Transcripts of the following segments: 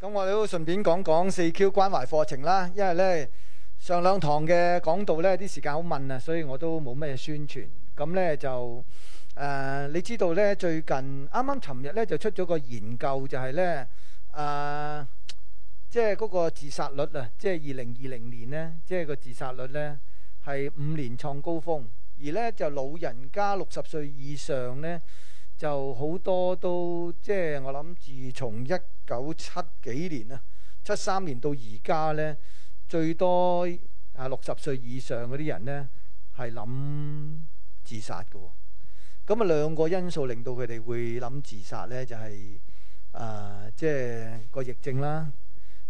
咁我哋都順便講講四 Q 關懷課程啦，因為呢上兩堂嘅講道呢啲時間好悶啊，所以我都冇咩宣傳。咁呢就誒、呃，你知道呢，最近啱啱尋日呢就出咗個研究就是、呃，就係呢，誒，即係嗰個自殺率啊，即係二零二零年呢，即、就、係、是、個自殺率呢係五年創高峰，而呢，就老人家六十歲以上呢，就好多都即係、就是、我諗，自從一九七幾年啊，七三年到而家呢，最多啊六十歲以上嗰啲人呢，係諗自殺嘅、哦。咁啊兩個因素令到佢哋會諗自殺呢，就係、是、啊、呃，即係個疫症啦，誒、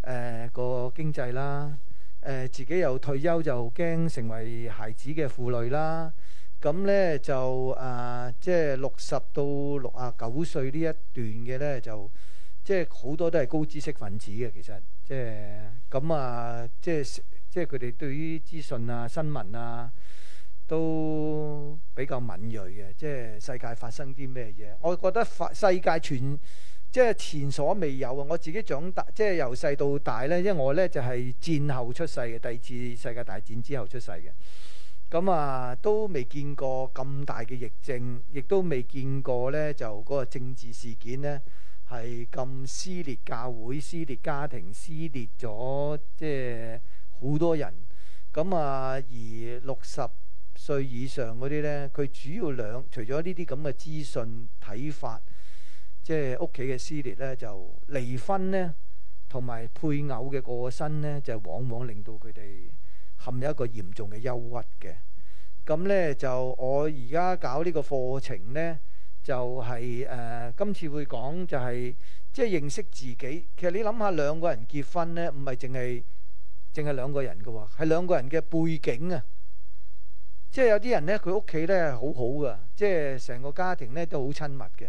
呃、個經濟啦，誒、呃、自己又退休就驚成為孩子嘅負累啦。咁呢，就啊，即係六十到六啊九歲呢一段嘅呢，就。呃即係好多都係高知識分子嘅，其實即係咁啊！即係即係佢哋對於資訊啊、新聞啊，都比較敏鋭嘅。即係世界發生啲咩嘢，我覺得世界全即係前所未有啊！我自己長大即係由細到大咧，因為我咧就係戰後出世嘅，第二次世界大戰之後出世嘅。咁啊，都未見過咁大嘅疫症，亦都未見過咧就嗰個政治事件咧。係咁撕裂教會、撕裂家庭、撕裂咗即係好多人。咁啊，而六十歲以上嗰啲呢，佢主要兩除咗呢啲咁嘅資訊睇法，即係屋企嘅撕裂呢，就離婚呢，同埋配偶嘅過身呢，就往往令到佢哋含入一個嚴重嘅憂鬱嘅。咁呢，就我而家搞呢個課程呢。就係、是、誒、呃，今次會講就係即係認識自己。其實你諗下，兩個人結婚呢，唔係淨係淨係兩個人嘅喎，係兩個人嘅背景啊。即係有啲人呢，佢屋企呢好好噶，即係成個家庭呢都好親密嘅。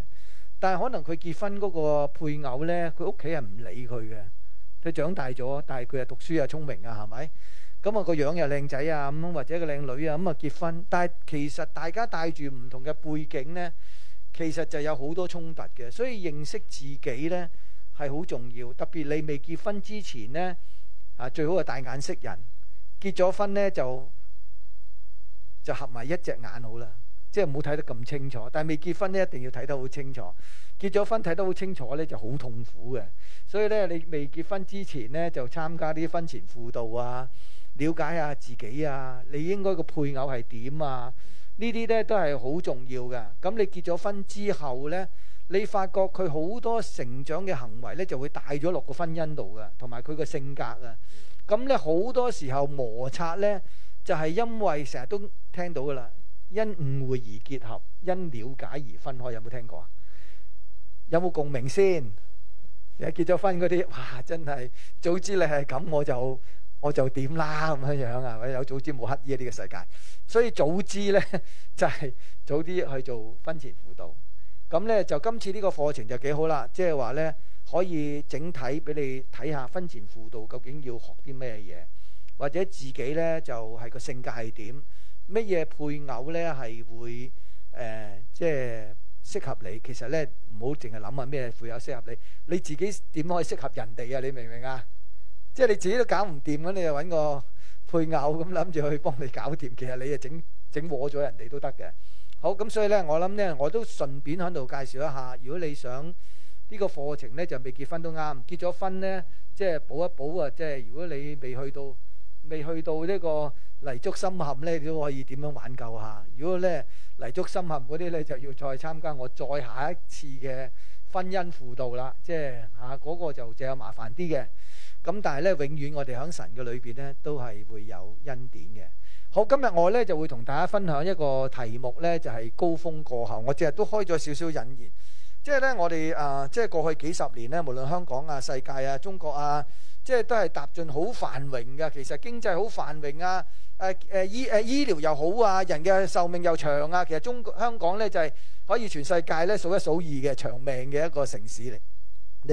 但係可能佢結婚嗰個配偶呢，佢屋企人唔理佢嘅。佢長大咗，但係佢又讀書又聰明啊，係咪咁啊？咁個樣又靚仔啊，咁或者個靚女啊，咁啊結婚。但係其實大家帶住唔同嘅背景呢。其實就有好多衝突嘅，所以認識自己呢係好重要。特別你未結婚之前呢，啊最好係大眼識人。結咗婚呢，就就合埋一隻眼好啦，即係唔好睇得咁清楚。但係未結婚呢，一定要睇得好清楚。結咗婚睇得好清楚呢，就好痛苦嘅。所以呢，你未結婚之前呢，就參加啲婚前輔導啊，了解下自己啊，你應該個配偶係點啊？呢啲咧都係好重要嘅。咁你結咗婚之後呢，你發覺佢好多成長嘅行為呢，就會帶咗落個婚姻度嘅，同埋佢個性格啊。咁咧好多時候摩擦呢，就係因為成日都聽到噶啦，因誤會而結合，因了解而分開。有冇聽過啊？有冇共鳴先？而家結咗婚嗰啲，哇！真係早知你係咁，我就～我就點啦咁樣樣啊！有早知冇乞兒呢個世界，所以早知呢，就係早啲去做婚前輔導。咁呢，就今次呢個課程就幾好啦，即係話呢，可以整體俾你睇下婚前輔導究竟要學啲咩嘢，或者自己呢，就係個性格係點，乜嘢配偶呢，係會、呃、即係適合你。其實呢，唔好淨係諗啊咩配偶適合你，你自己點可以適合人哋啊？你明唔明啊？即係你自己都搞唔掂，咁你又揾個配偶咁諗住去幫你搞掂。其實你誒整整禍咗人哋都得嘅。好咁，咁所以呢，我諗呢，我都順便喺度介紹一下。如果你想呢個課程呢，就未結婚都啱；結咗婚呢，即係補一補啊！即係如果你未去到未去到呢個泥足深陷呢，你都可以點樣挽救一下。如果呢泥足深陷嗰啲呢，就要再參加我再下一次嘅婚姻輔導啦。即係嚇嗰個就就有麻煩啲嘅。咁但係咧，永遠我哋喺神嘅裏邊咧，都係會有恩典嘅。好，今日我咧就會同大家分享一個題目咧，就係高峰過後。我淨係都開咗少少引言，即係咧我哋啊，即係過去幾十年咧，無論香港啊、世界啊、中國啊，即係都係踏進好繁榮㗎。其實經濟好繁榮啊，誒、啊、誒醫誒、啊、醫療又好啊，人嘅壽命又長啊。其實中香港咧就係、是、可以全世界咧數一數二嘅長命嘅一個城市嚟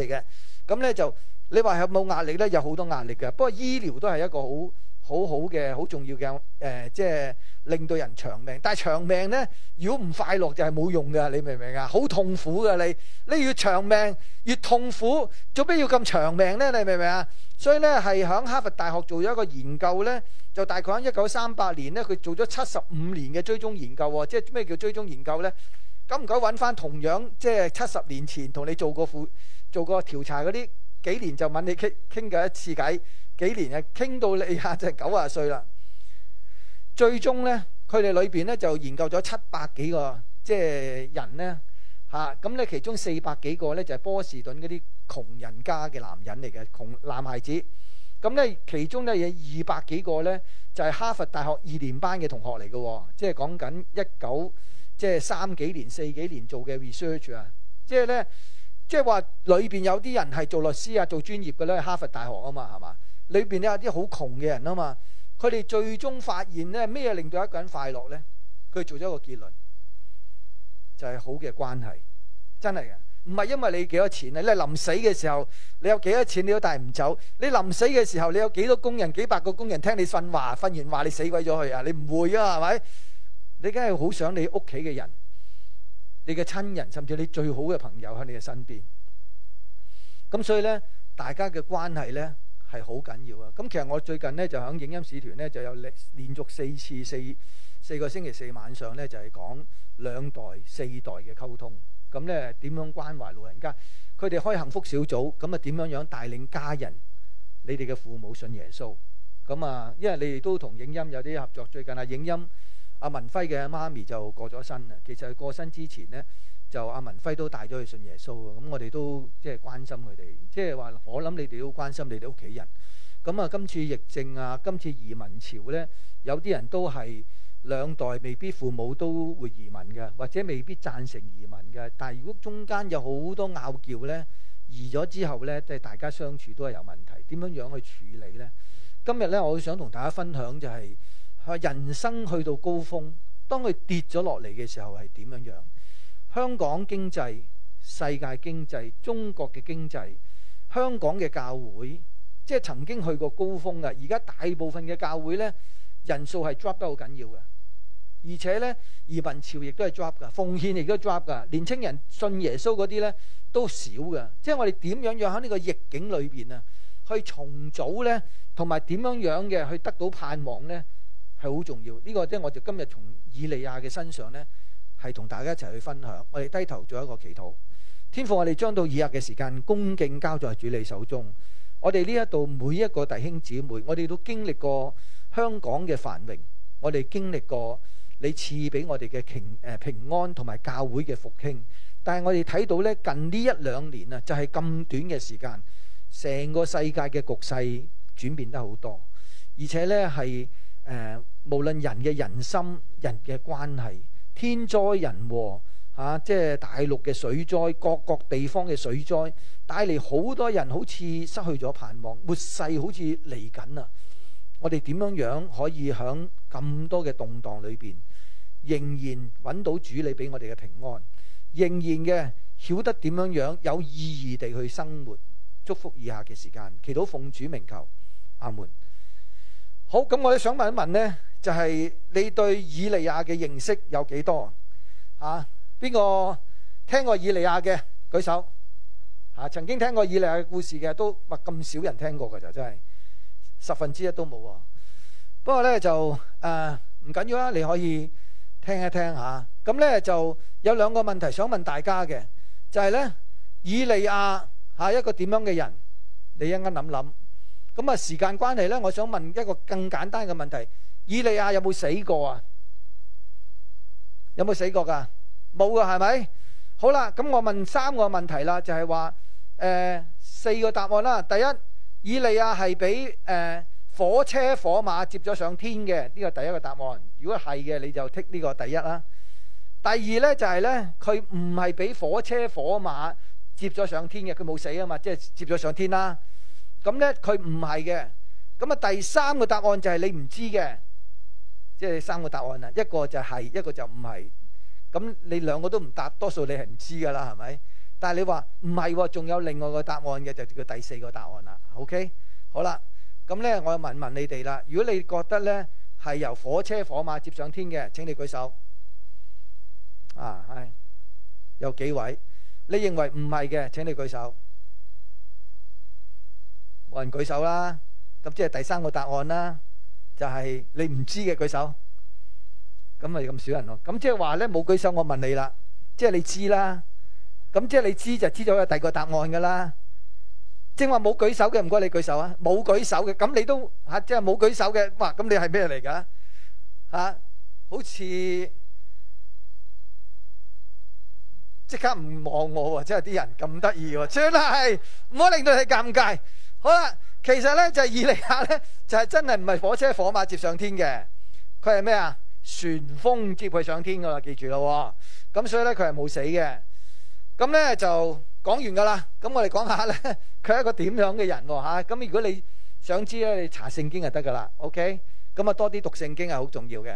嚟嘅。咁咧就。你話有冇壓力呢？有好多壓力嘅。不過醫療都係一個好好好嘅好重要嘅誒，即係令到人長命。但係長命呢，如果唔快樂就係冇用嘅。你明唔明啊？好痛苦嘅你，你越長命越痛苦，做咩要咁長命呢？你明唔明啊？所以呢，係響哈佛大學做咗一個研究呢，就大概喺一九三八年呢，佢做咗七十五年嘅追蹤研究喎。即係咩叫追蹤研究呢？久唔久揾翻同樣即係七十年前同你做過做過調查嗰啲？幾年就問你傾傾過一次偈，幾年啊傾到你下就九啊歲啦。最終呢，佢哋裏邊呢就研究咗七百幾個即係人呢。吓、啊，咁呢其中四百幾個呢，就係波士頓嗰啲窮人家嘅男人嚟嘅，窮男孩子，咁、啊、呢其中呢，有二百幾個呢，就係哈佛大學二年班嘅同學嚟嘅、啊，即係講緊一九即係三幾年四幾年做嘅 research 啊，即係呢。即係話裏邊有啲人係做律師啊，做專業嘅咧，哈佛大學啊嘛，係嘛？裏邊都有啲好窮嘅人啊嘛。佢哋最終發現咧，咩令到一個人快樂呢？佢做咗一個結論，就係好嘅關係，真係嘅。唔係因為你幾多錢啊，你臨死嘅時候，你有幾多錢你都帶唔走。你臨死嘅時候，你有幾多工人、幾百個工人聽你訓話，訓完話你死鬼咗去啊？你唔會啊，係咪？你梗係好想你屋企嘅人。你嘅親人，甚至你最好嘅朋友喺你嘅身邊，咁所以呢，大家嘅關係呢係好緊要啊！咁其實我最近呢，就響影音使團呢，就有連連續四次四四個星期四晚上呢，就係講兩代四代嘅溝通，咁呢點樣關懷老人家，佢哋開幸福小組，咁啊點樣樣帶領家人，你哋嘅父母信耶穌，咁啊，因為你哋都同影音有啲合作，最近啊，影音。阿、啊、文輝嘅媽咪就過咗身啦。其實佢過身之前呢，就阿、啊、文輝都帶咗去信耶穌。咁我哋都即係關心佢哋，即係話我諗你哋都關心你哋屋企人。咁啊，今次疫症啊，今次移民潮呢，有啲人都係兩代未必父母都會移民嘅，或者未必贊成移民嘅。但係如果中間有好多拗撬呢，移咗之後呢，即係大家相處都係有問題。點樣樣去處理呢？今日呢，我想同大家分享就係、是。人生去到高峰，當佢跌咗落嚟嘅時候係點樣樣？香港經濟、世界經濟、中國嘅經濟、香港嘅教會，即係曾經去過高峰嘅。而家大部分嘅教會呢，人數係 drop 得好緊要嘅，而且呢，移民潮亦都係 drop 噶，奉獻亦都 drop 噶，年青人信耶穌嗰啲呢，都少嘅。即係我哋點樣樣喺呢個逆境裏邊啊，去重組呢，同埋點樣樣嘅去得到盼望呢？係好重要呢個，即係我哋今日從以利亞嘅身上呢，係同大家一齊去分享。我哋低頭做一個祈禱。天父，我哋將到以亞嘅時間恭敬交在主你手中。我哋呢一度每一個弟兄姊妹，我哋都經歷過香港嘅繁榮，我哋經歷過你賜俾我哋嘅平誒平安同埋教會嘅復興。但係我哋睇到呢，近呢一兩年啊，就係咁短嘅時間，成個世界嘅局勢轉變得好多，而且呢係。是誒、呃，無論人嘅人心、人嘅關係、天災人禍，吓、啊、即係大陸嘅水災，各個地方嘅水災，帶嚟好多人好似失去咗盼望，末世好似嚟緊啊！我哋點樣樣可以響咁多嘅動盪裏邊，仍然揾到主理俾我哋嘅平安，仍然嘅曉得點樣樣有意義地去生活，祝福以下嘅時間，祈禱奉主名求，阿門。好，咁我呢想問一問呢，就係你對以利亞嘅認識有幾多？吓，邊個聽過以利亞嘅舉手？吓，曾經聽過以利亞嘅故事嘅都，咪咁少人聽過嘅就真係十分之一都冇啊。不過呢就誒唔緊要啦，你可以聽一聽吓。咁呢就有兩個問題想問大家嘅，就係呢以利亞係一個點樣嘅人？你一啱諗諗。咁啊，時間關係呢，我想問一個更簡單嘅問題：以利亞有冇死過啊？有冇死過噶？冇㗎，係咪？好啦，咁我問三個問題啦，就係話誒四個答案啦。第一，以利亞係俾誒火車火馬接咗上天嘅，呢個第一個答案。如果係嘅，你就剔呢個第一啦。第二呢，就係呢，佢唔係俾火車火馬接咗上天嘅，佢冇死啊嘛，即係接咗上天啦。咁咧，佢唔係嘅。咁啊，第三個答案就係你唔知嘅，即係三個答案啦。一個就係，一個就唔係。咁你兩個都唔答，多數你係唔知噶啦，係咪？但係你話唔係，仲有另外個答案嘅，就叫第四個答案啦。OK，好啦。咁咧，我問問你哋啦。如果你覺得咧係由火車火馬接上天嘅，請你舉手。啊，係有幾位？你認為唔係嘅，請你舉手。有人舉手啦，咁即係第三個答案啦，就係你唔知嘅，舉手，咁咪咁少人咯。咁即係話咧冇舉手，我問你啦，即係你知啦，咁即係你知就知咗有第二個答案噶啦。正話冇舉手嘅唔該你舉手啊，冇舉手嘅咁你都吓即係冇舉手嘅，哇咁你係咩嚟噶？吓，好似即刻唔望我喎，即係啲人咁得意喎，真係唔好令到你尷尬。好啦，其實咧就係、是、以利亞咧，就係、是、真係唔係火車火馬接上天嘅，佢係咩啊？旋風接佢上天噶啦，記住咯、哦。咁所以咧佢係冇死嘅。咁咧就講完噶啦。咁我哋講下咧，佢係一個點樣嘅人吓、哦？咁、啊、如果你想知咧，你查聖經就得噶啦。OK，咁啊多啲讀聖經係好重要嘅。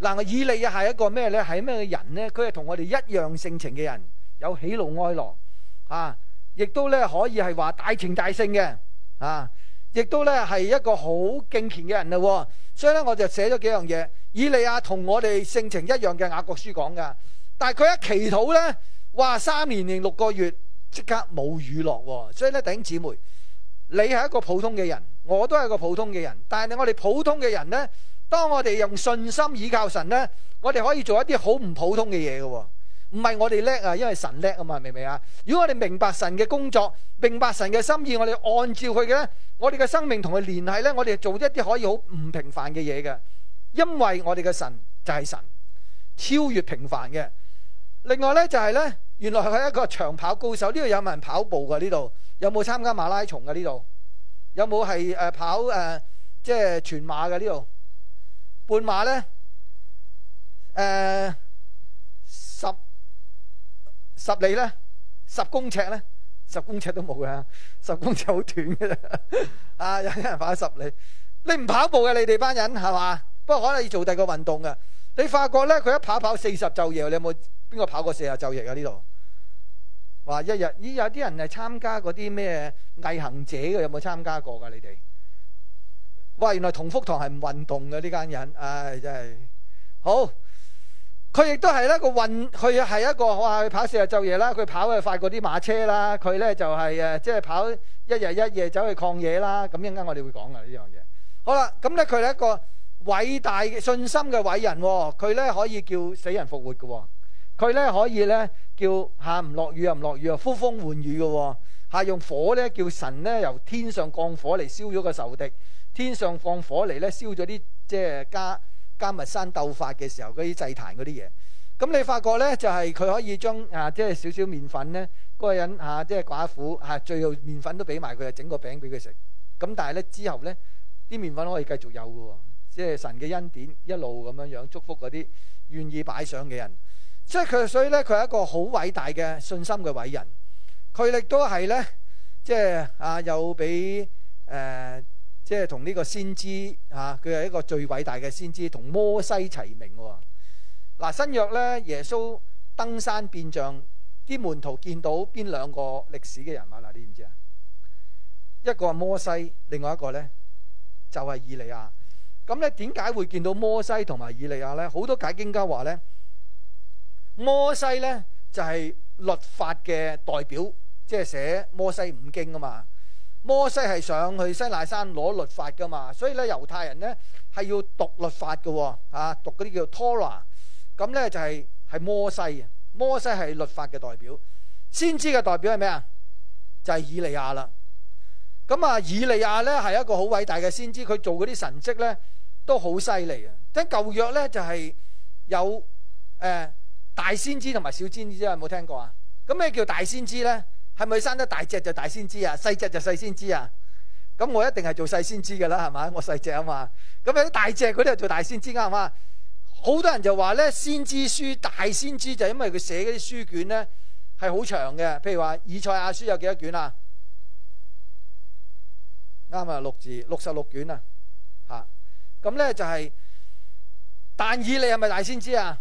嗱，以利亞係一個咩咧？係咩人咧？佢係同我哋一樣性情嘅人，有喜怒哀樂啊，亦都咧可以係話大情大性嘅。啊！亦都咧係一個好敬虔嘅人喎。所以咧我就寫咗幾樣嘢。以利亞同我哋性情一樣嘅，雅各書講噶，但係佢一祈禱呢，話三年零六個月即刻冇雨落，所以咧弟兄姊妹，你係一個普通嘅人，我都係一個普通嘅人，但係我哋普通嘅人呢，當我哋用信心倚靠神呢，我哋可以做一啲好唔普通嘅嘢喎。唔係我哋叻啊，因為神叻啊嘛，明唔明啊？如果我哋明白神嘅工作，明白神嘅心意，我哋按照佢嘅咧，我哋嘅生命同佢聯繫咧，我哋做一啲可以好唔平凡嘅嘢嘅，因為我哋嘅神就係神，超越平凡嘅。另外咧就係咧，原來佢係一個長跑高手。呢度有冇人跑步噶？呢度有冇參加馬拉松噶？呢度有冇係誒跑誒即係全馬嘅呢度？半馬咧誒。十里咧，十公尺咧，十公尺都冇㗎！十公尺好短嘅，啊，有啲人跑十里，你唔跑步嘅，你哋班人係嘛？不過可能要做第二個運動㗎！你發覺咧佢一跑跑四十晝夜，你有冇邊個跑過四十晝夜啊呢度？話一日咦有啲人係參加嗰啲咩毅行者嘅，有冇參加過噶你哋？哇、啊、原來同福堂係唔運動嘅呢間人，唉、哎、真係好。佢亦都係一個運，佢係一個下去跑四日晝夜啦，佢跑去快過啲馬車啦，佢呢就係、是、誒、即、就、係、是、跑一日一夜走去曠野啦。咁一陣間我哋會講噶呢樣嘢。好啦，咁呢，佢係一個偉大嘅信心嘅偉人，佢呢可以叫死人復活喎。佢呢可以呢叫下唔落雨又唔落雨啊，呼風喚雨喎。吓用火呢，叫神呢由天上降火嚟燒咗個仇敵，天上降火嚟呢，燒咗啲即係家。迦密山鬥法嘅時候，嗰啲祭壇嗰啲嘢，咁你發覺呢，就係、是、佢可以將啊即係少少麵粉呢，嗰、那個人啊即係、就是、寡婦啊最後麵粉都俾埋佢，整個餅俾佢食。咁但係呢，之後呢啲麵粉都可以繼續有嘅喎，即、啊、係、就是、神嘅恩典一路咁樣樣祝福嗰啲願意擺上嘅人。即係佢，所以呢，佢係一個好偉大嘅信心嘅偉人。佢亦都係呢，即、就、係、是、啊有俾誒。即係同呢個先知，佢、啊、係一個最偉大嘅先知，同摩西齊名、哦。嗱、啊，新約呢，耶穌登山變像，啲門徒見到邊兩個歷史嘅人物？嗱、啊，你知唔知啊？一個係摩西，另外一個呢就係、是、以利亞。咁、啊、呢點解會見到摩西同埋以利亞呢？好多解經家話呢，摩西呢就係、是、律法嘅代表，即係寫摩西五經啊嘛。摩西係上去西奈山攞律法㗎嘛，所以咧猶太人咧係要讀律法嘅、啊，啊讀嗰啲叫 Tora。咁咧就係、是、係摩西啊，摩西係律法嘅代表。先知嘅代表係咩啊？就係、是、以利亞啦。咁啊，以利亞咧係一個好偉大嘅先知，佢做嗰啲神跡咧都好犀利啊。啲舊約咧就係、是、有誒、呃、大先知同埋小先知，沒有冇聽過啊？咁咩叫大先知咧？係咪生得大隻就大先知啊，細隻就細先知啊？咁我一定係做細先知噶啦，係嘛？我細隻啊嘛。咁有啲大隻嗰啲係做大先知啊，係嘛？好多人就話咧，先知書大先知就係因為佢寫嗰啲書卷咧係好長嘅，譬如話以賽亞書有幾多卷啊？啱啊，六字六十六卷啊，吓。咁咧就係、是、但以理係咪大先知啊？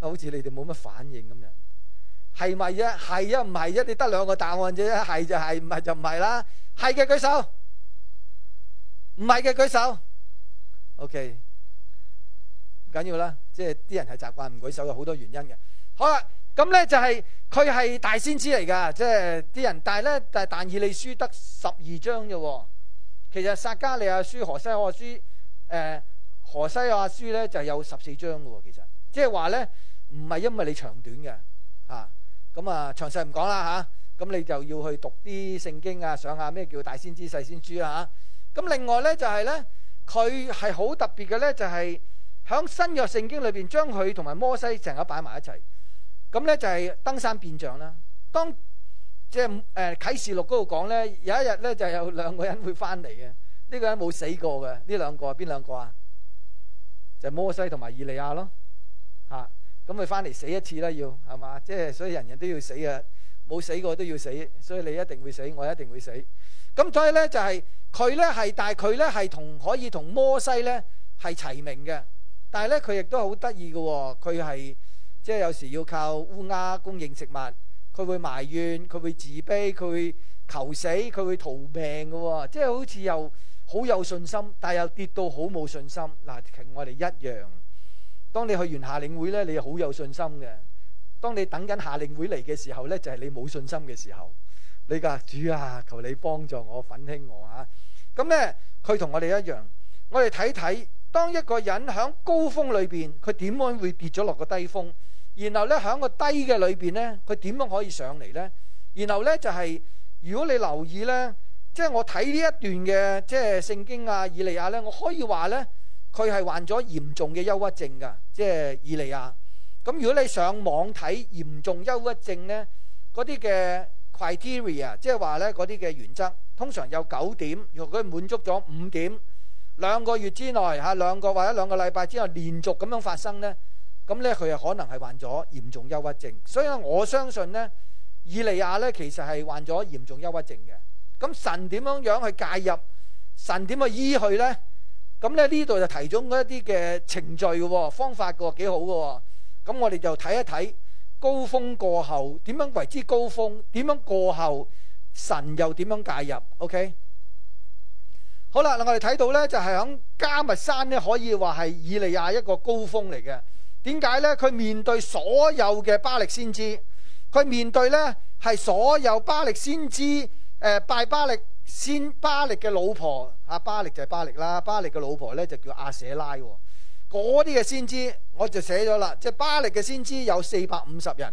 好似你哋冇乜反應咁樣。係咪啫？係啊，唔係啫？你得兩個答案啫，就是。係就係，唔係就唔係啦。係嘅舉手，唔係嘅舉手。OK，唔緊要啦。即係啲人係習慣唔舉手有好多原因嘅。好啦，咁咧就係佢係大先知嚟噶。即係啲人，但係咧，但但以理書得十二章啫。其實撒迦利亞書、何西亞書，誒、呃，何西亞書咧就有十四章嘅。其實即係話咧，唔係因為你長短嘅咁啊，詳細唔講啦吓，咁你就要去讀啲聖經啊，想下咩叫大先知細先知啊，咁另外呢、就係，就係呢，佢係好特別嘅呢，就係喺新約聖經裏面，將佢同埋摩西成日擺埋一齊。咁呢，就係登山變像啦。當即係啟示錄嗰度講呢，有一日呢，就有兩個人會翻嚟嘅。呢、呢個人冇死過嘅，呢兩個係邊兩個啊？就係、摩西同埋以利亞咯。咁佢翻嚟死一次啦，要係嘛？即係、就是、所以人人都要死啊！冇死過都要死，所以你一定會死，我一定會死。咁所以呢，就係、是、佢呢係，但係佢呢係同可以同摩西呢係齊名嘅。但係呢，佢亦都好得意嘅，佢係即係有時要靠烏鴉供應食物，佢會埋怨，佢會自卑，佢會求死，佢會逃命嘅、哦。即、就、係、是、好似又好有信心，但係又跌到好冇信心。嗱，同我哋一樣。當你去完夏令會呢，你好有信心嘅。當你等緊夏令會嚟嘅時候呢，就係你冇信心嘅時候。你噶主啊，求你幫助我，粉興我啊！咁呢，佢同我哋一樣。我哋睇睇，當一個人響高峰裏邊，佢點樣會跌咗落個低峰？然後呢，響個低嘅裏邊呢，佢點樣可以上嚟呢？然後呢，就係，如果你留意呢，即係我睇呢一段嘅即係聖經啊以利亞呢，我可以話呢。佢係患咗嚴重嘅憂鬱症噶，即係以利亞。咁如果你上網睇嚴重憂鬱症呢嗰啲嘅 criteria，即係話呢嗰啲嘅原則，通常有九點，如果佢滿足咗五點，兩個月之內吓兩個或者兩個禮拜之後連續咁樣發生呢，咁呢佢係可能係患咗嚴重憂鬱症。所以我相信呢，以利亞呢其實係患咗嚴重憂鬱症嘅。咁神點樣樣去介入？神點去醫佢呢？咁咧呢度就提咗一啲嘅程序喎，方法喎，幾好嘅喎。咁我哋就睇一睇高峰過後點樣為之高峰，點樣過後神又點樣介入？OK 好。好啦，嗱我哋睇到呢就係喺加密山呢，可以話係以利亞一個高峰嚟嘅。點解呢？佢面對所有嘅巴力先知，佢面對呢係所有巴力先知、呃、拜巴力。先巴力嘅老婆，阿巴力就係巴力啦，巴力嘅老婆呢，就叫阿舍拉。嗰啲嘅先知我就寫咗啦，即係巴力嘅先知有四百五十人，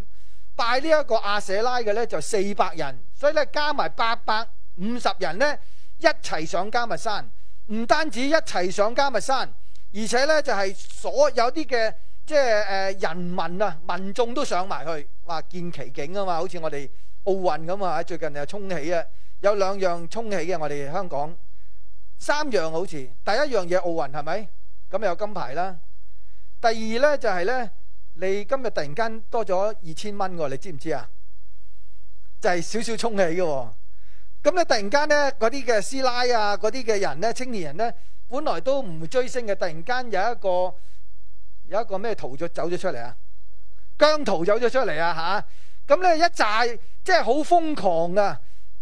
拜呢一個阿舍拉嘅呢，就四百人，所以呢，加埋八百五十人呢，一齊上加密山，唔單止一齊上加密山，而且呢，就係所有啲嘅即係誒人民啊民眾都上埋去，話見奇景啊嘛，好似我哋奧運咁啊，最近又沖起啊。有兩樣沖起嘅，我哋香港三樣好似，第一樣嘢奧運係咪？咁有金牌啦。第二呢，就係呢：你今日突然間多咗二千蚊喎，你知唔知啊？就係少少沖起嘅喎。咁你突然間呢嗰啲嘅師奶啊，嗰啲嘅人呢、青年人呢，本來都唔追星嘅，突然間有一個有一個咩逃咗走咗出嚟啊？姜濤走咗出嚟啊吓，咁呢一紮即係好瘋狂啊。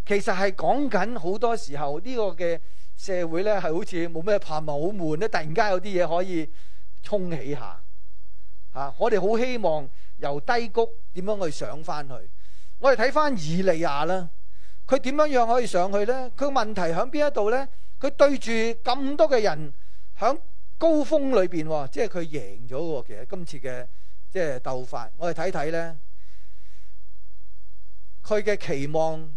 其實係講緊好多時候呢、呢個嘅社會呢，係好似冇咩盼望，好悶咧。突然間有啲嘢可以沖起一下嚇、啊，我哋好希望由低谷點樣去上翻去。我哋睇翻以利亞啦，佢點樣樣可以上去呢？佢問題響邊一度呢？佢對住咁多嘅人喺高峰裏邊、哦，即係佢贏咗嘅。其實今次嘅即係鬥法，我哋睇睇呢，佢嘅期望。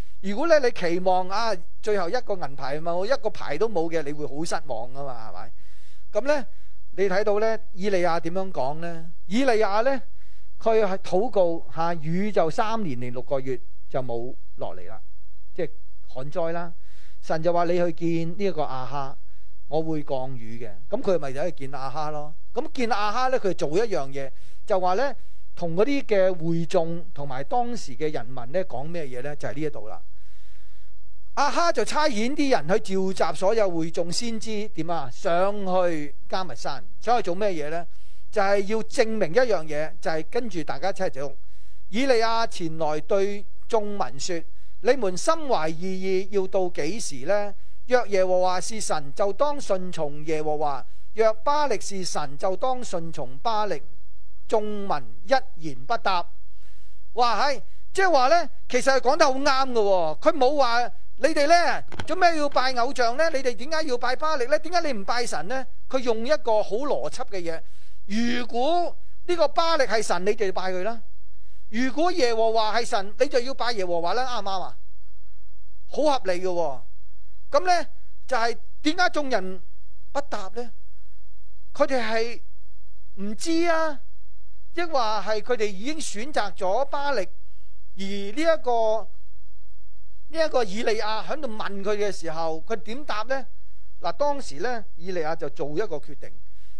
如果咧你期望啊最後一個銀牌我一個牌都冇嘅，你會好失望噶嘛？係咪？咁呢，你睇到呢，以利亞點樣講呢？以利亞呢，佢係禱告下雨就三年零六個月就冇落嚟啦，即係旱災啦。神就話你去見呢一個亞哈，我會降雨嘅。咁佢咪就去見亞哈咯。咁見亞哈呢，佢做一樣嘢，就話呢，同嗰啲嘅會眾同埋當時嘅人民呢講咩嘢呢？就係呢一度啦。阿、啊、哈就差遣啲人去召集所有會眾，先知點啊？上去迦密山，想去做咩嘢呢？就係、是、要證明一樣嘢，就係、是、跟住大家一齊走以利亞前來對眾民說：你們心懷異意要到幾時呢？若耶和華是神，就當順從耶和華；若巴力是神，就當順從巴力。眾民一言不答，話係即係話呢，其實係講得好啱㗎。佢冇話。你哋呢，做咩要拜偶像呢？你哋點解要拜巴力呢？點解你唔拜神呢？佢用一個好邏輯嘅嘢。如果呢個巴力係神，你哋就拜佢啦。如果耶和華係神，你就要拜耶和華啦。啱唔啱啊？好合理嘅哦。咁呢，就係點解眾人不答呢？佢哋係唔知啊，抑或係佢哋已經選擇咗巴力，而呢一個。呢、這、一個以利亞喺度問佢嘅時候，佢點答呢？嗱，當時呢，以利亞就做一個決定，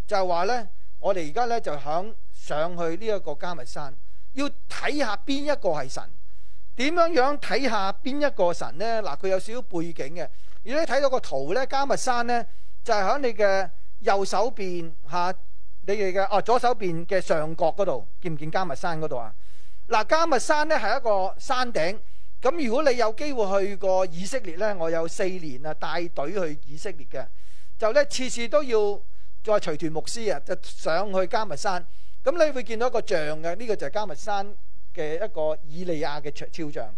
就係、是、話呢：「我哋而家呢，就想上去呢一個迦密山，要睇下邊一個係神，點樣樣睇下邊一個神呢？嗱，佢有少少背景嘅。如果你睇到個圖呢，迦密山呢，就係、是、喺你嘅右手邊嚇、啊，你哋嘅哦左手邊嘅上角嗰度，見唔見迦密山嗰度啊？嗱，迦密山呢，係一個山頂。咁如果你有機會去過以色列呢，我有四年啊帶隊去以色列嘅，就呢次次都要再隨團牧師啊，就上去迦密山。咁你會見到一個像嘅，呢、這個就係迦密山嘅一個以利亞嘅超像。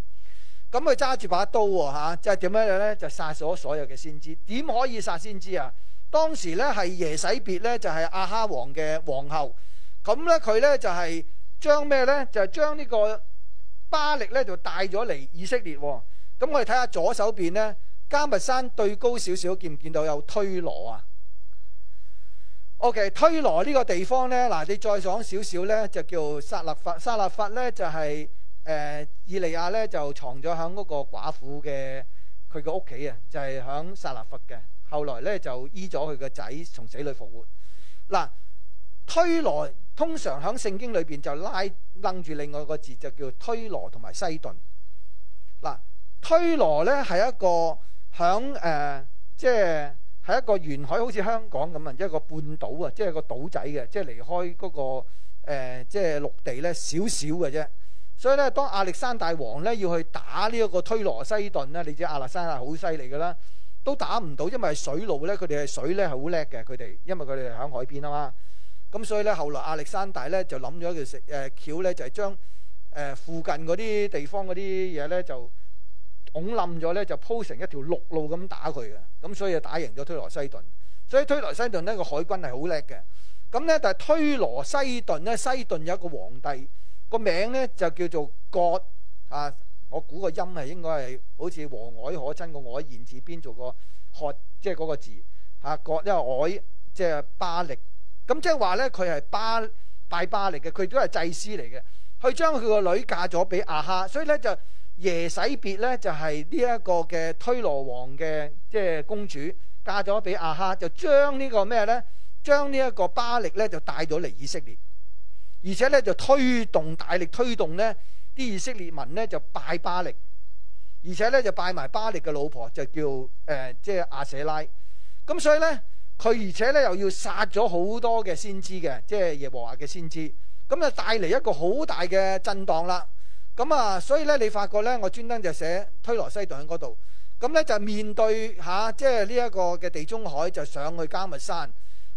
咁佢揸住把刀喎嚇、啊，即係點樣呢？就殺咗所有嘅先知。點可以殺先知啊？當時呢係耶洗別呢，就係、是、阿哈王嘅皇后。咁呢，佢呢就係將咩呢？就係、是、將呢、就是將這個。巴力咧就帶咗嚟以色列、哦，咁我哋睇下左手邊呢，迦密山對高少少，見唔見到有推羅啊？OK，推羅呢個地方呢，嗱，你再上少少呢，就叫撒勒法。撒勒法呢，就係誒以利亞呢，就藏咗喺嗰個寡婦嘅佢嘅屋企啊，就係喺撒勒法嘅。後來呢，就醫咗佢個仔從死裏復活。嗱、啊，推羅。通常喺聖經裏邊就拉掕住另外一個字就叫推羅同埋西頓。嗱，推羅呢係一個喺誒、呃，即係係一個沿海，好似香港咁啊，即係個半島啊，即係個島仔嘅，即係離開嗰、那個、呃、即係陸地呢少少嘅啫。所以呢，當亞歷山大王呢要去打呢一個推羅西頓呢，你知亞歷山大好犀利㗎啦，都打唔到，因為水路呢，佢哋係水呢，係好叻嘅，佢哋，因為佢哋係喺海邊啊嘛。咁所以咧，後來亞歷山大咧就諗咗一條石誒橋咧，就係將誒附近嗰啲地方嗰啲嘢咧就拱冧咗咧，就鋪成一條陸路咁打佢嘅。咁所以就打贏咗推羅西頓。所以推羅西頓呢個海軍係好叻嘅。咁咧，但係推羅西頓咧，西頓有一個皇帝個名咧就叫做葛啊。我估個音係應該係好似和藹可親個藹，言字邊做個謁，即係嗰個字嚇、啊、葛，因為藹即係巴力。咁即係話呢，佢係巴拜巴力嘅，佢都係祭司嚟嘅。佢將佢個女嫁咗俾亞哈，所以呢，就耶洗別呢，就係呢一個嘅推羅王嘅即係公主嫁咗俾亞哈，就將呢個咩呢？將呢一個巴力呢，就帶咗嚟以色列，而且呢，就推動大力推動呢啲以色列民呢，就拜巴力，而且呢，就拜埋巴力嘅老婆就叫誒即係亞舍拉。咁所以呢。佢而且咧又要殺咗好多嘅先知嘅，即係耶和華嘅先知，咁就帶嚟一個好大嘅震盪啦。咁啊，所以咧你發覺咧，我專登就寫推羅西頓喺嗰度。咁咧就面對下、啊，即係呢一個嘅地中海就上去迦密山。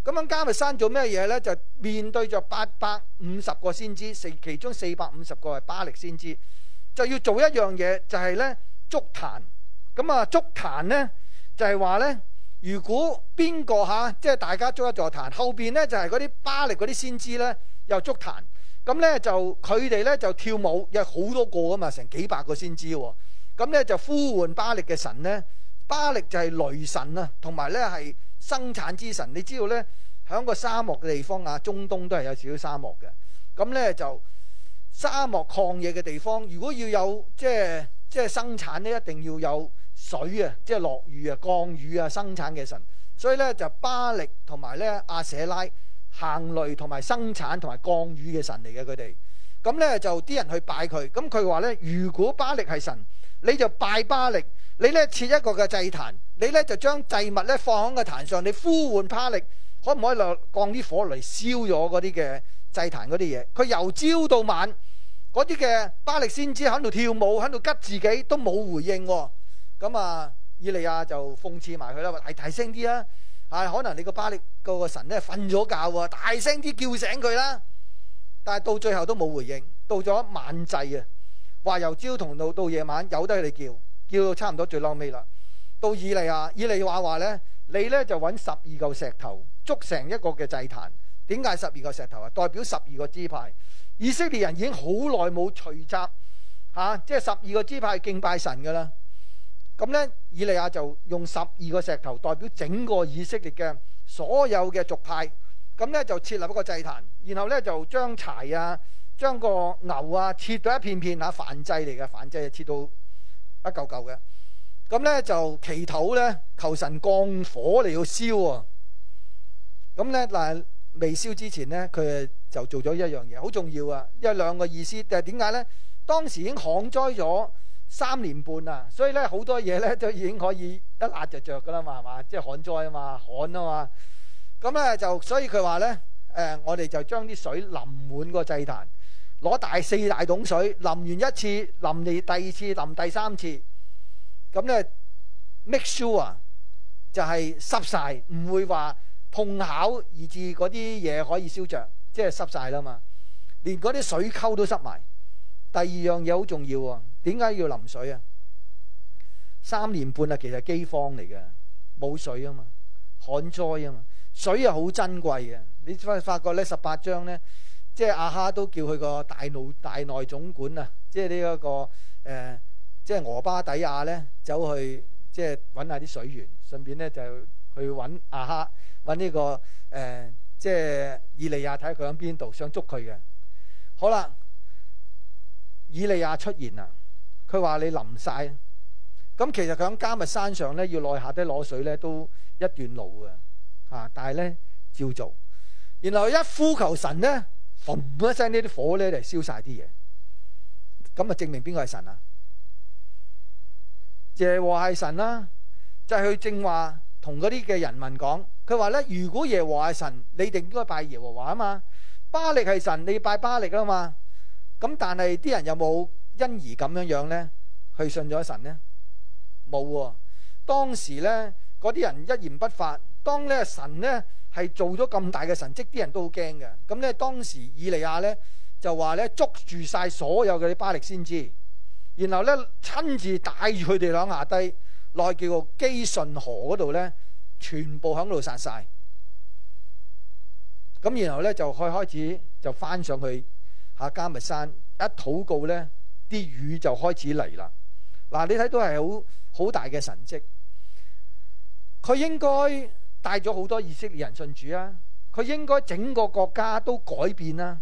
咁樣迦密山做咩嘢咧？就面對咗八百五十個先知，四其中四百五十個係巴力先知，就要做一樣嘢，就係咧築壇。咁啊築壇咧就係話咧。如果邊個吓，即係大家捉一座壇，後邊呢就係嗰啲巴力嗰啲先知呢，又捉壇，咁呢，就佢哋呢就跳舞，有好多個噶嘛，成幾百個先知，咁呢，就呼喚巴力嘅神呢，巴力就係雷神啊，同埋呢係生產之神。你知道呢，喺個沙漠嘅地方啊，中東都係有少少沙漠嘅，咁呢，就沙漠曠野嘅地方，如果要有即係即係生產呢，一定要有。水啊，即係落雨啊，降雨啊，生產嘅神，所以呢，就巴力同埋呢阿舍拉行雷同埋生產同埋降雨嘅神嚟嘅，佢哋咁呢，就啲人去拜佢，咁佢話呢，如果巴力係神，你就拜巴力，你呢，設一個嘅祭壇，你呢，就將祭物呢放喺個壇上，你呼喚巴力，可唔可以落降啲火嚟燒咗嗰啲嘅祭壇嗰啲嘢？佢由朝到晚嗰啲嘅巴力先知喺度跳舞喺度拮自己都冇回應、哦。咁啊，以利亞就諷刺埋佢啦，話大大聲啲啊！啊，可能你個巴力個神咧，瞓咗覺啊，大聲啲叫醒佢啦。但係到最後都冇回應，到咗晚祭啊，話由朝同到到夜晚，由得佢哋叫，叫到差唔多最孻尾啦。到以利亞，以利亞話：話咧，你咧就搵十二嚿石頭，捉成一個嘅祭壇。點解十二個石頭啊？代表十二個支派。以色列人已經好耐冇聚集吓，即係十二個支派敬拜神噶啦。咁呢，以利亞就用十二個石頭代表整個以色列嘅所有嘅族派，咁呢，就設立一個祭壇，然後呢，就將柴啊、將個牛啊切到一片片嚇，燔祭嚟嘅，燔祭啊切到一嚿嚿嘅，咁呢，就祈禱呢，求神降火嚟去燒啊、哦，咁呢，嗱未燒之前呢，佢就做咗一樣嘢，好重要啊，有兩個意思，但係點解呢？當時已經旱災咗。三年半啊，所以咧，好多嘢咧都已經可以一焫就着噶啦嘛，係嘛？即係旱災啊嘛，旱啊嘛。咁咧就所以佢話咧誒，我哋就將啲水淋滿個祭壇，攞大四大桶水淋完一次，淋第二次，淋第三次，咁咧 make sure 啊，就係濕晒，唔會話碰巧以致嗰啲嘢可以燒着，即係濕晒啦嘛。連嗰啲水溝都濕埋。第二樣嘢好重要啊。點解要淋水啊？三年半啦，其實係饑荒嚟嘅，冇水啊嘛，旱災啊嘛，水啊好珍貴嘅。你翻去發覺咧，十八章咧，即係阿哈都叫佢個大內大內總管啊，即係呢一個誒、呃，即係俄巴底亞咧，走去即係搵下啲水源，順便咧就去搵阿哈搵呢、這個誒、呃，即係以利亞睇下佢響邊度，想捉佢嘅。好啦，以利亞出現啦。佢話你淋晒，咁其實佢喺迦密山上咧，要耐下啲攞水咧，都一段路啊，但係咧照做，然後一呼求神呢，嘣一聲呢啲火咧嚟燒晒啲嘢，咁啊證明邊個係神啊？耶和華是神啦、啊，就佢正話同嗰啲嘅人民講，佢話咧如果耶和華是神，你哋應該拜耶和華啊嘛，巴力係神，你拜巴力啊嘛，咁但係啲人有冇。因而咁樣樣咧，去信咗神呢？冇、啊。當時咧，嗰啲人一言不發。當咧神呢係做咗咁大嘅神蹟，啲人都好驚嘅。咁咧當時以利亞咧就話咧捉住晒所有嘅巴力先知，然後咧親自帶住佢哋兩下低內叫做基順河嗰度咧，全部響度殺晒。咁然後咧就開開始就翻上去下迦密山一禱告咧。啲雨就開始嚟啦！嗱，你睇到係好好大嘅神跡，佢應該帶咗好多以色列人信主啊！佢應該整個國家都改變啦，啊，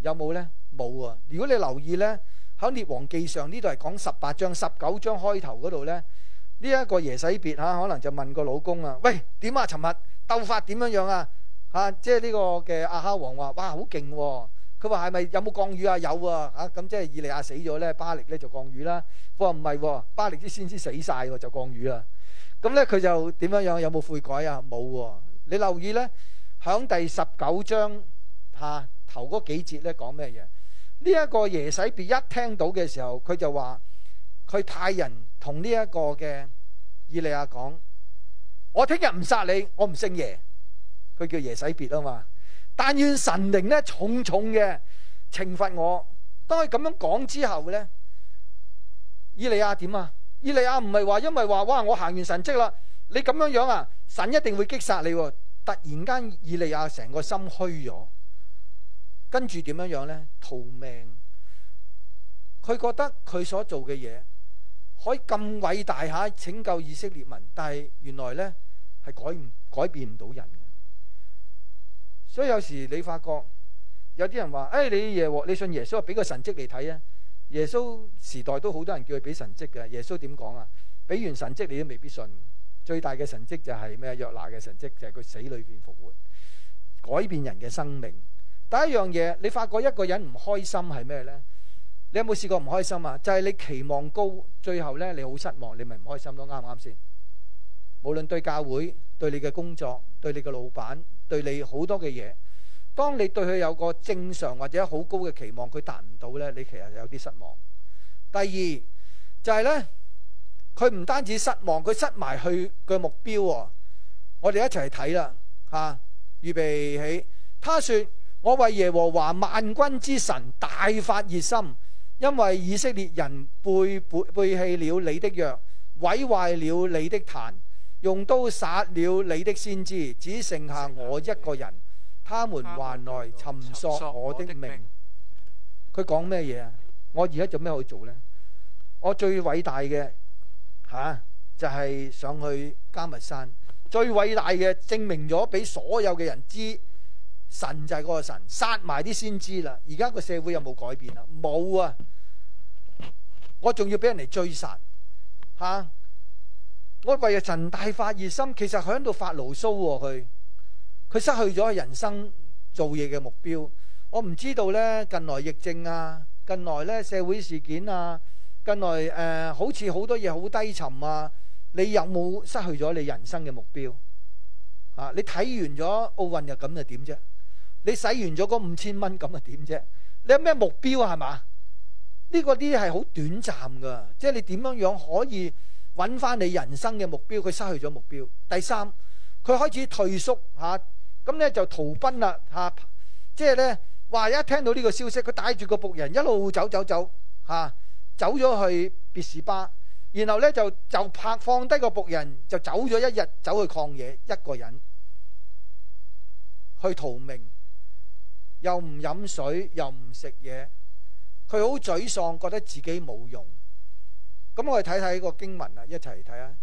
有冇呢？冇啊！如果你留意呢，喺《列王紀》上呢度係講十八章十九章開頭嗰度呢，呢、這、一個耶洗別嚇可能就問個老公啊，喂，點啊？尋日鬥法點樣樣啊？嚇、啊，即係呢個嘅亞哈王話：哇，好勁喎！佢話係咪有冇降雨啊？有啊，吓、啊、咁、嗯、即係以利亞死咗咧，巴力咧就降雨啦。佢話唔係，巴力啲先知死晒，就降雨啦。咁咧佢就點樣樣？有冇悔改啊？冇、啊。你留意咧，響第十九章吓、啊、頭嗰幾節咧講咩嘢？呢、這、一個耶洗別一聽到嘅時候，佢就話佢派人同呢一個嘅以利亞講：我聽日唔殺你，我唔姓耶。佢叫耶洗別啊嘛。就是但願神靈咧重重嘅懲罰我。當佢咁樣講之後咧，以利亞點啊？以利亞唔係話因為話哇，我行完神跡啦，你咁樣樣啊，神一定會擊殺你。突然間，以利亞成個心虛咗，跟住點樣樣咧？逃命。佢覺得佢所做嘅嘢可以咁偉大下拯救以色列民，但係原來咧係改唔改變唔到人。所以有時你發覺有啲人話，誒、哎，你耶你信耶穌畀俾個神蹟你睇啊！耶穌時代都好多人叫佢俾神蹟嘅。耶穌點講啊？俾完神蹟你都未必信。最大嘅神蹟就係咩？約拿嘅神蹟就係佢死裏邊復活，改變人嘅生命。第一樣嘢，你發覺一個人唔開心係咩呢？你有冇試過唔開心啊？就係、是、你期望高，最後呢你好失望，你咪唔開心咯。啱唔啱先？無論對教會、對你嘅工作、對你嘅老闆。對你好多嘅嘢，當你對佢有個正常或者好高嘅期望，佢達唔到呢，你其實有啲失望。第二就係、是、呢，佢唔單止失望，佢失埋去嘅目標、哦。我哋一齊睇啦，吓、啊、預備起。他說：我為耶和華萬軍之神大發熱心，因為以色列人背背，背棄了你的約，毀壞了你的壇。用刀殺了你的先知，只剩下我一個人。他們還來尋索我的命。佢講咩嘢啊？我而家做咩可以做呢？我最偉大嘅吓、啊，就係、是、上去迦密山。最偉大嘅證明咗俾所有嘅人知，神就係嗰個神，殺埋啲先知啦。而家個社會有冇改變啊？冇啊！我仲要俾人哋追殺吓。啊我為陳大發熱心，其實佢喺度發牢騷喎、啊。佢佢失去咗人生做嘢嘅目標。我唔知道呢，近來疫症啊，近來呢社會事件啊，近來誒、呃，好似好多嘢好低沉啊。你有冇失去咗你人生嘅目標啊？你睇完咗奧運又咁又點啫？你使完咗嗰五千蚊咁又點啫？你有咩目標啊係嘛？呢、這個啲係好短暫噶，即係你點樣樣可以？搵翻你人生嘅目標，佢失去咗目標。第三，佢開始退縮嚇，咁、啊、呢就逃奔啦，即係呢，話、啊就是、一聽到呢個消息，佢帶住個僕人一路走走走、啊、走咗去別是巴，然後呢，就就拍放低個僕人，就走咗一日走去曠野，一個人去逃命，又唔飲水又唔食嘢，佢好沮喪，覺得自己冇用。咁、嗯、我哋睇睇個經文啊，一齊睇啊！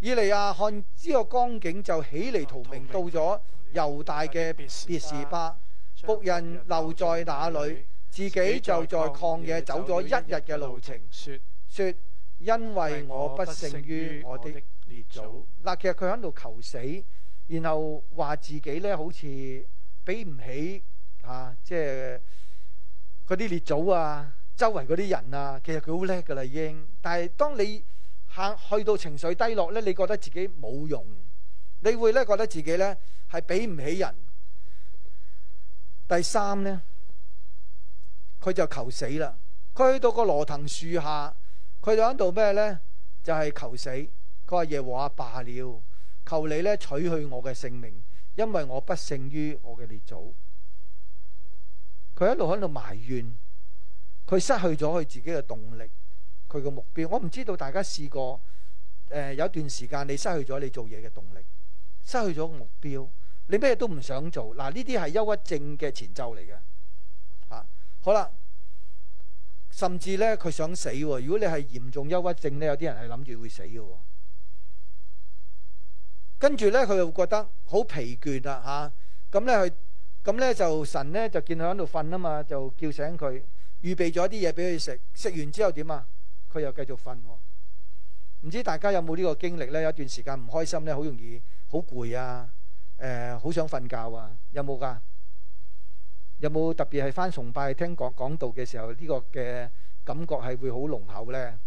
以利亞看知個光景就起嚟逃命，到咗猶大嘅別是巴，僕人留在那裡，自己就在曠野走咗一日嘅路程，說：因為我不勝於我啲列祖。嗱，其實佢喺度求死，然後話自己咧好似比唔起嚇、啊，即係嗰啲列祖啊。周圍嗰啲人啊，其實佢好叻噶啦，已經。但係當你行去到情緒低落呢，你覺得自己冇用，你會咧覺得自己呢係畀唔起人。第三呢，佢就求死啦。佢去到個羅藤樹下，佢就喺度咩呢？就係、是、求死。佢話，耶和華啊，罷了，求你呢取去我嘅性命，因為我不勝於我嘅列祖。佢一路喺度埋怨。佢失去咗佢自己嘅動力，佢個目標。我唔知道大家試過誒、呃，有段時間你失去咗你做嘢嘅動力，失去咗目標，你咩都唔想做。嗱、啊，呢啲係憂鬱症嘅前奏嚟嘅吓。好啦，甚至呢，佢想死、哦。如果你係嚴重憂鬱症呢，有啲人係諗住會死嘅。跟、啊、住、啊、呢，佢又覺得好疲倦啊！吓咁呢，佢咁呢，就神呢，就見佢喺度瞓，啊嘛，就叫醒佢。預備咗啲嘢俾佢食，食完之後點啊？佢又繼續瞓、啊。唔知大家有冇呢個經歷呢？有一段時間唔開心呢，好容易好攰啊！誒、呃，好想瞓覺啊！有冇噶？有冇特別係返崇拜聽講講道嘅時候呢、呢個嘅感覺係會好濃厚呢？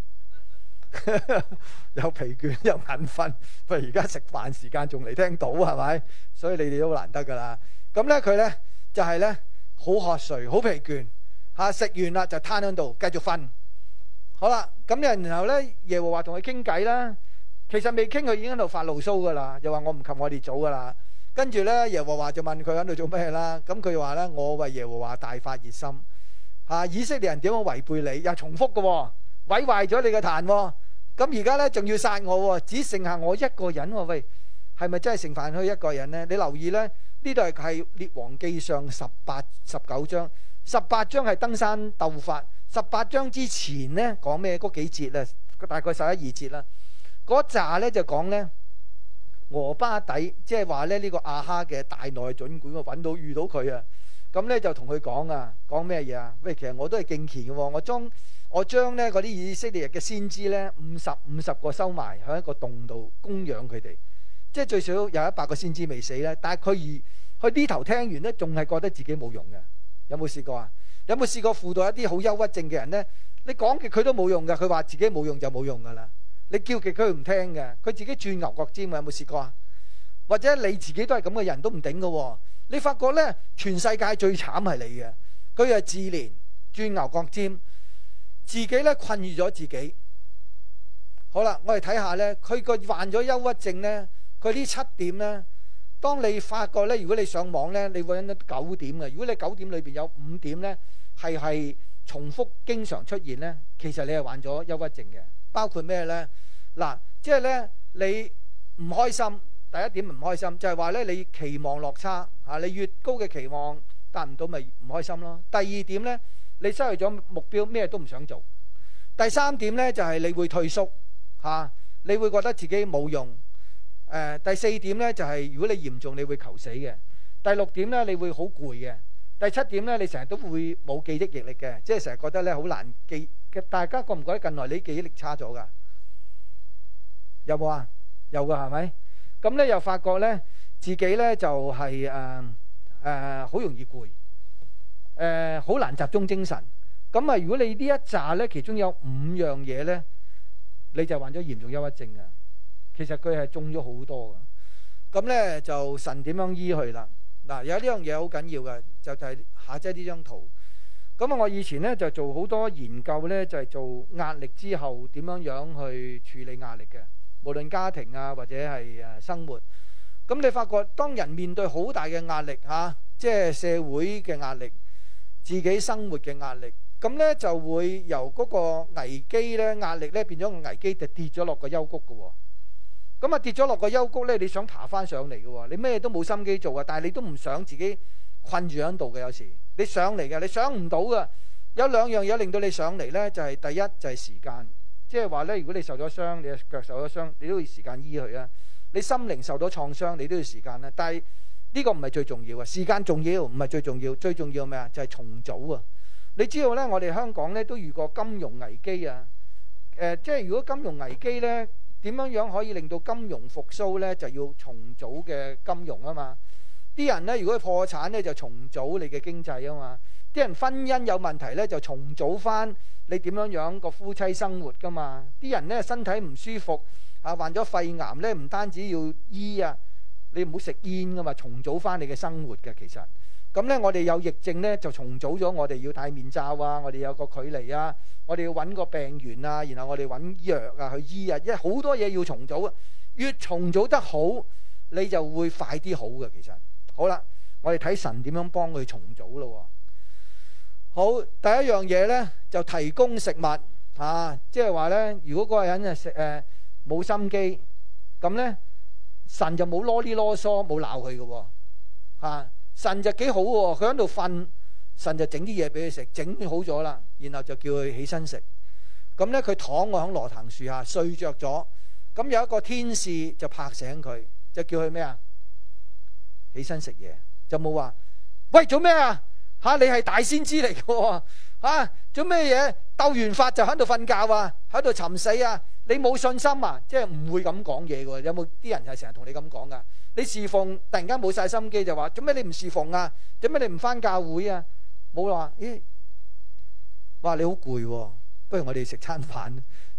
嗯、 有疲倦又眼瞓，不過而家食飯時間仲嚟聽到係咪？所以你哋都難得噶啦。咁呢，佢呢，就係、是、呢，好瞌睡，好疲倦。吓、啊、食完啦，就攤喺度繼續瞓。好啦，咁然後咧，耶和華同佢傾偈啦。其實未傾，佢已經喺度發牢騷噶啦。又話我唔及我哋祖噶啦。跟住咧，耶和華就問佢喺度做咩啦。咁佢就話咧，我為耶和華大發熱心。吓、啊、以色列人點樣違背你？又重複喎、啊，毀壞咗你嘅壇、啊。咁而家咧仲要殺我、啊，只剩下我一個人、啊。喂，係咪真係剩返佢一個人咧？你留意咧，呢度係列王記上十八、十九章。十八章係登山鬥法。十八章之前呢，講咩嗰幾節呢？大概十一二節啦。嗰集呢，就講呢俄巴底，即係話呢呢個阿哈嘅大內總管揾到遇到佢啊。咁呢，就同佢講啊，講咩嘢啊？喂，其實我都係敬虔嘅喎。我將我將呢嗰啲以色列嘅先知呢，五十五十個收埋喺一個洞度供養佢哋，即係最少有一百個先知未死呢。但係佢而佢呢頭聽完呢，仲係覺得自己冇用嘅。有冇試過啊？有冇試過輔導一啲好憂鬱症嘅人呢？你講極佢都冇用噶，佢話自己冇用就冇用噶啦。你叫極佢唔聽嘅，佢自己鑽牛角尖。有冇試過啊？或者你自己都係咁嘅人都唔頂噶喎？你發覺呢，全世界最慘係你嘅，佢係自憐鑽牛角尖，自己呢困住咗自己。好啦，我哋睇下呢，佢個患咗憂鬱症呢，佢呢七點呢。當你發覺咧，如果你上網咧，你會揾到九點嘅。如果你九點裏邊有五點咧，係係重複經常出現咧，其實你係患咗憂鬱症嘅。包括咩咧？嗱，即係咧，你唔開心。第一點唔開心就係話咧，你期望落差嚇、啊，你越高嘅期望達唔到，咪唔開心咯。第二點咧，你失去咗目標，咩都唔想做。第三點咧，就係、是、你會退縮嚇、啊，你會覺得自己冇用。誒，第四點咧，就係如果你嚴重，你會求死嘅。第六點咧你會好攰嘅。第七點咧你成日都會冇記憶力嘅，即係成日覺得咧好難記。大家覺唔覺得近來你記憶力差咗噶？有冇啊？有噶係咪？咁咧又發覺咧自己咧就係誒誒好容易攰，誒好難集中精神。咁啊如果你呢一紮咧其中有五樣嘢咧，你就患咗嚴重憂鬱症啊！其實佢係中咗好多噶，咁呢，就神點樣醫佢啦？嗱，有呢樣嘢好緊要嘅，就就是、係下即呢張圖。咁啊，我以前呢，就做好多研究呢就係、是、做壓力之後點樣樣去處理壓力嘅，無論家庭啊或者係誒生活。咁你發覺當人面對好大嘅壓力嚇、啊，即係社會嘅壓力、自己生活嘅壓力，咁呢就會由嗰個危機呢，壓力呢變咗個危機，就跌咗落個幽谷嘅喎、哦。咁啊，跌咗落個幽谷咧，你想爬翻上嚟嘅喎，你咩都冇心機做啊，但係你都唔想自己困住喺度嘅。有時你上嚟嘅，你上唔到嘅。有兩樣嘢令到你上嚟咧，就係第一就係時間，即係話咧，如果你受咗傷，你腳受咗傷，你都要時間醫佢啊。你心靈受咗創傷，你都要時間啦。但係呢個唔係最重要啊，時間重要唔係最重要，最重要係咩啊？就係重組啊！你知道咧，我哋香港咧都遇過金融危機啊。誒，即係如果金融危機咧。點樣樣可以令到金融復甦呢？就要重組嘅金融啊嘛！啲人呢，如果破產呢，就重組你嘅經濟啊嘛！啲人婚姻有問題呢，就重組翻你點樣樣個夫妻生活噶嘛！啲人呢，身體唔舒服啊，患咗肺癌呢，唔單止要醫啊，你唔好食煙噶嘛，重組翻你嘅生活嘅其實。咁咧，我哋有疫症咧，就重組咗。我哋要戴面罩啊，我哋有個距離啊，我哋要搵個病源啊，然後我哋搵藥啊去醫啊，因為好多嘢要重組啊。越重組得好，你就會快啲好嘅。其實，好啦，我哋睇神點樣幫佢重組咯、哦。好，第一樣嘢咧就提供食物啊，即係話咧，如果嗰個人啊食誒冇心機，咁咧神就冇囉哩囉嗦，冇鬧佢嘅喎，啊神就幾好喎，佢喺度瞓，神就整啲嘢俾佢食，整好咗啦，然後就叫佢起身食。咁咧佢躺我喺羅藤樹下睡着咗，咁有一個天使就拍醒佢，就叫佢咩啊？起身食嘢，就冇話喂做咩啊？吓你係大先知嚟嘅喎，吓做咩嘢？鬥完法就喺度瞓覺啊，喺度尋死啊？你冇信心啊？即係唔會咁講嘢嘅喎，有冇啲人係成日同你咁講噶？你侍奉突然間冇晒心機，就話做咩你唔侍奉啊？做咩你唔翻教會啊？冇啦？咦？哇！你好攰喎，不如我哋食餐飯，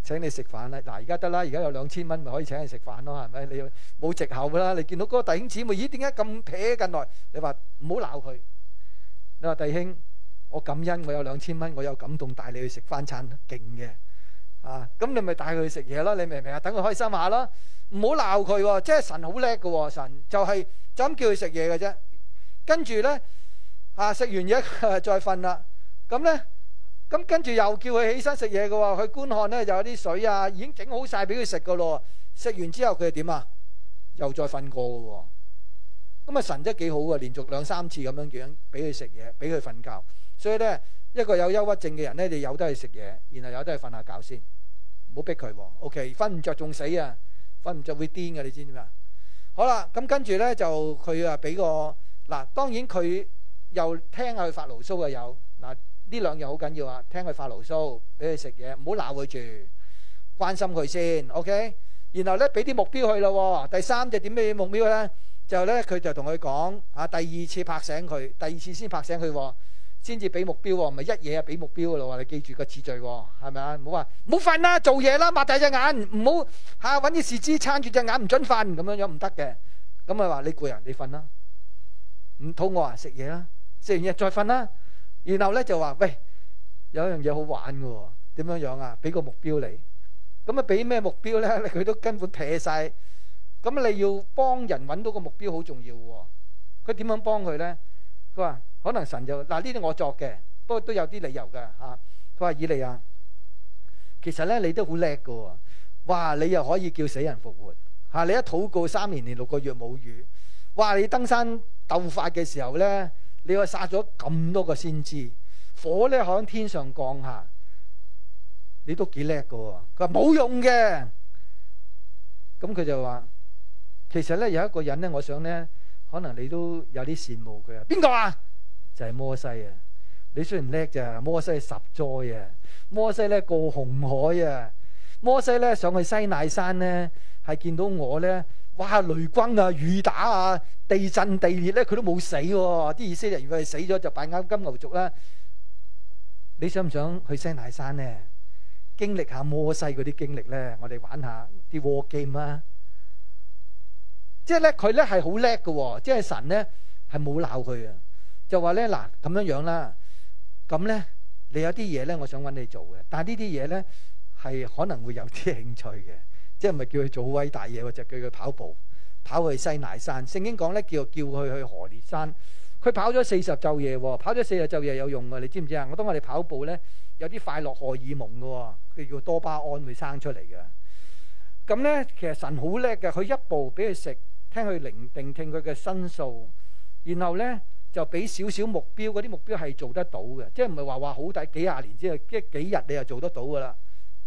請你食飯啦！嗱，而家得啦，而家有兩千蚊，咪可以請你食飯咯，係咪？你冇借口㗎啦！你見到嗰個弟兄姊妹，咦？點解咁撇咁耐？你話唔好鬧佢。你話弟兄，我感恩，我有兩千蚊，我有感動，帶你去食翻餐勁嘅啊！咁你咪帶佢去食嘢咯，你明唔明啊？等佢開心下咯。唔好鬧佢，即係神好叻嘅。神就係、是、就咁叫佢食嘢嘅啫。跟住呢，啊，食完嘢再瞓啦。咁呢，咁、啊、跟住又叫佢起身食嘢嘅喎，去觀看呢，就有啲水啊，已經整好晒俾佢食嘅咯。食完之後佢係點啊？又再瞓過嘅、哦。咁、嗯、啊，神真係幾好嘅，連續兩三次咁樣樣俾佢食嘢，俾佢瞓覺。所以呢，一個有憂鬱症嘅人呢，你有得去食嘢，然後有得去瞓下覺先，唔好逼佢、哦。O K，瞓唔着仲死啊！瞓唔著會癲嘅，你知唔知啊？好啦，咁跟住呢，就佢啊俾個嗱，當然佢又聽下佢發牢騷嘅有嗱，呢兩樣好緊要啊，聽佢發牢騷，俾佢食嘢，唔好鬧佢住，關心佢先，OK。然後呢，俾啲目標佢咯喎，第三隻點咩目標呢？就呢，佢就同佢講嚇，第二次拍醒佢，第二次先拍醒佢喎。先至俾目標喎，唔係一嘢啊俾目標噶咯，你記住個次序喎，係咪啊？唔好話唔好瞓啦，做嘢啦，擘大隻眼，唔好嚇揾啲樹枝撐住隻眼，唔准瞓咁樣樣唔得嘅。咁咪話你攰人你瞓啦。唔肚餓啊，食嘢啦，食完嘢再瞓啦。然後咧就話喂，有一樣嘢好玩嘅喎，點樣樣啊？俾個目標你，咁啊俾咩目標咧？你佢都根本撇晒。咁你要幫人揾到個目標好重要喎。佢點樣幫佢咧？佢話。可能神就嗱呢啲我作嘅，不過都有啲理由嘅吓。佢話以利亞，其實咧，你都好叻㗎，哇！你又可以叫死人復活，吓你一禱告三年年六個月冇雨，哇！你登山鬥法嘅時候咧，你又殺咗咁多個先知，火咧，響天上降下，你都幾叻㗎。佢話冇用嘅，咁佢就話，其實咧有一個人咧，我想咧，可能你都有啲羨慕佢啊，邊個啊？就係摩西啊！你雖然叻啫，摩西十災啊，摩西咧過紅海啊，摩西咧上去西乃山咧，係見到我咧，哇雷轟啊，雨打啊，地震地裂咧，佢都冇死，啲意思就如果係死咗就扮啱金牛族啦。你想唔想去西乃山咧？經歷下摩西嗰啲經歷咧，我哋玩下啲 war game 啊，即係咧佢咧係好叻噶，即係神咧係冇鬧佢啊。就話咧嗱咁樣這樣啦，咁咧你有啲嘢咧，我想搵你做嘅。但係呢啲嘢咧係可能會有啲興趣嘅，即係唔係叫佢做偉大嘢，就叫佢跑步跑去西乃山。聖經講咧叫叫佢去何烈山，佢跑咗四十晝夜，哦，跑咗四十晝夜有用㗎。你知唔知啊？我當我哋跑步咧有啲快樂荷爾蒙㗎，哦，佢叫多巴胺會生出嚟㗎。咁咧其實神好叻嘅，佢一步俾佢食，聽佢聆聽聽佢嘅申訴，然後咧。就俾少少目標，嗰啲目標係做得到嘅，即係唔係話話好大幾廿年之後，即係幾日你又做得到㗎啦？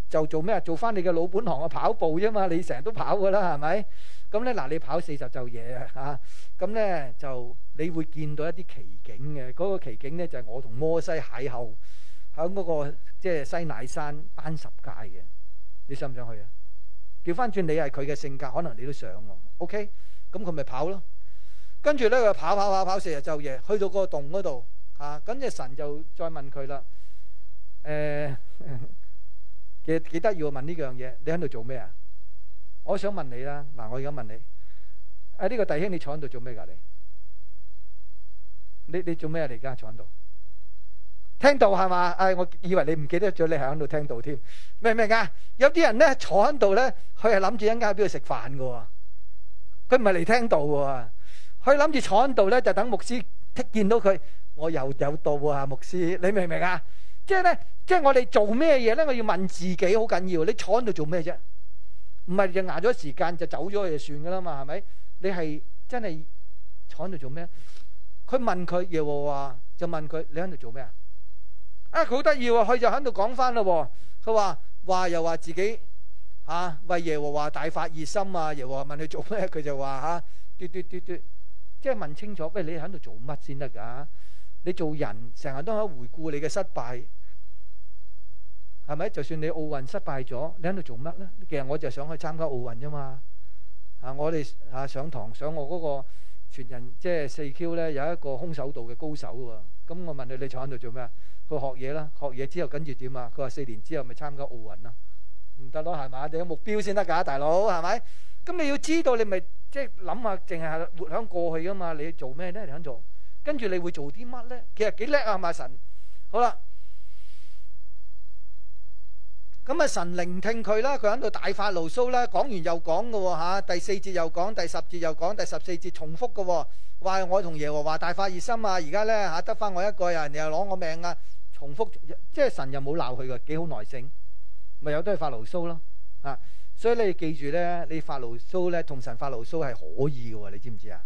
就做咩啊？做翻你嘅老本行啊，跑步啫嘛！你成日都跑㗎啦，係咪？咁咧嗱，你跑四十晝夜啊嚇，咁咧就你會見到一啲奇景嘅。嗰個奇景咧就係我同摩西邂逅喺嗰個即係西乃山頒十誡嘅。你想唔想去啊？調翻轉你係佢嘅性格，可能你都想喎。OK，咁佢咪跑咯。跟住咧，佢跑跑跑跑，成日晝夜去到個洞嗰度，吓、啊，咁即神就再問佢啦。誒、呃，幾幾得意啊！問呢樣嘢，你喺度做咩啊？我想問你啦，嗱，我而家問你，啊呢個弟兄，你坐喺度做咩噶？你你做咩啊？你而家坐喺度？聽道係嘛？誒、哎，我以為你唔記得咗，你係喺度聽道添。明唔明啊？有啲人咧坐喺度咧，佢係諗住一間喺邊度食飯噶，佢唔係嚟聽道噶。佢諗住坐喺度咧，就等牧師踢見到佢。我又有，有道啊，牧師，你明唔明啊？即係咧，即係我哋做咩嘢咧？我要問自己好緊要。你坐喺度做咩啫？唔係就挨咗時間就走咗就算噶啦嘛？係咪？你係真係坐喺度做咩？佢問佢耶和華就問佢，你喺度做咩啊？啊，佢好得意喎，佢就喺度講翻喎。佢話話又話自己啊為耶和華大發熱心啊。耶和華問佢做咩，佢就話吓、啊、嘟嘟嘟嘟。即係問清楚，喂，你喺度做乜先得噶？你做人成日都喺回顧你嘅失敗，係咪？就算你奧運失敗咗，你喺度做乜咧？其實我就想去參加奧運啫嘛。啊，我哋啊上堂上我嗰個全人，即係四 Q 咧，有一個空手道嘅高手喎。咁我問你，你坐喺度做咩啊？佢學嘢啦，學嘢之後跟住點啊？佢話四年之後咪參加奧運啦。唔得咯，係嘛？你有目標先得噶，大佬，係咪？咁你要知道，你咪即係諗下，淨係活響過去啊嘛？你要做咩咧？你肯做，跟住你會做啲乜咧？其實幾叻啊，係咪神，好啦。咁啊，神聆聽佢啦，佢喺度大發牢騷啦，講完又講噶吓，第四節又講，第十節又講，第十四節重複噶，話我同耶和華大發熱心啊！而家咧吓得翻我一個人，你又攞我命啊！重複即係神又冇鬧佢噶，幾好耐性，咪有得佢發牢騷咯，啊。所以你記住咧，你發牢騷咧，同神發牢騷係可以嘅喎，你知唔知啊？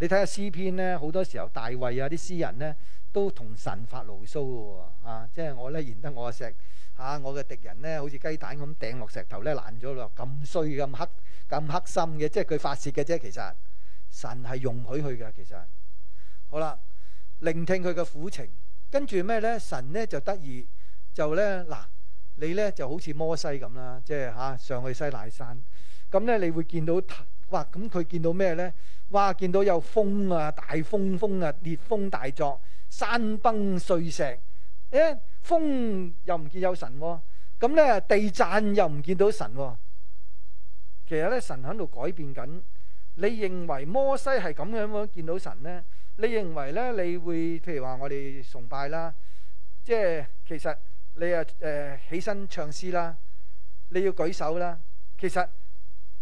你睇下詩篇咧，好多時候大衛啊啲詩人咧都同神發牢騷嘅喎，啊，即係我咧硏得我石嚇、啊，我嘅敵人咧好似雞蛋咁掟落石頭咧爛咗咯，咁衰咁黑咁黑心嘅，即係佢發泄嘅啫。其實神係容許佢嘅，其實好啦，聆聽佢嘅苦情，跟住咩咧？神咧就得意，就咧嗱。你咧就好似摩西咁啦，即係嚇上去西奈山，咁咧你會見到哇！咁佢見到咩咧？哇！見到有風啊，大風風啊，烈風大作，山崩碎石。誒、欸，風又唔見有神喎、啊，咁咧地震又唔見到神喎、啊。其實咧，神喺度改變緊。你認為摩西係咁樣喎見到神咧？你認為咧，你會譬如話我哋崇拜啦，即係其實。你啊，誒、呃、起身唱詩啦，你要舉手啦。其實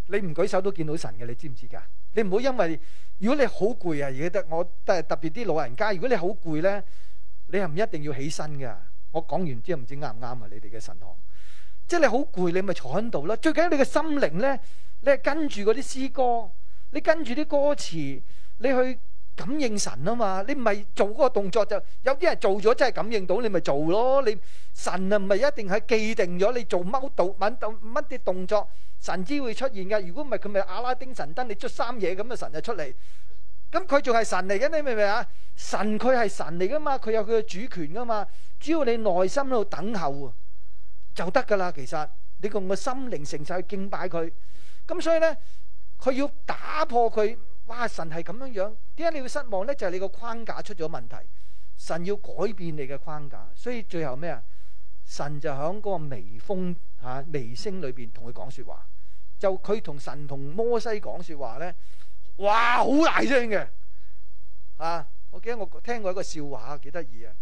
你唔舉手都見到神嘅，你知唔知㗎？你唔好因為如果你好攰啊，而覺得我都係特別啲老人家，如果你好攰咧，你係唔一定要起身㗎。我講完之後唔知啱唔啱啊？你哋嘅神學，即係你好攰，你咪坐喺度啦。最緊要你嘅心靈咧，你係跟住嗰啲詩歌，你跟住啲歌詞，你去。感應神啊嘛，你唔係做嗰個動作就有啲人做咗，真係感應到你咪做咯。你神啊唔係一定係既定咗，你做踎倒、揾倒乜啲動作，神之會出現噶。如果唔係佢咪阿拉丁神燈，你捽三嘢咁啊，神就出嚟。咁佢仲係神嚟嘅，你明唔明啊？神佢係神嚟噶嘛，佢有佢嘅主權噶嘛。只要你內心喺度等候，就得噶啦。其實你用個心靈誠實去敬拜佢，咁所以咧，佢要打破佢。哇！神係咁樣樣。點解你會失望咧？就係、是、你個框架出咗問題，神要改變你嘅框架，所以最後咩啊？神就響嗰個微風啊、微聲裏邊同佢講說話。就佢同神同摩西講說話咧，哇，好大聲嘅啊！我記得我，我聽過一個笑話，幾得意啊！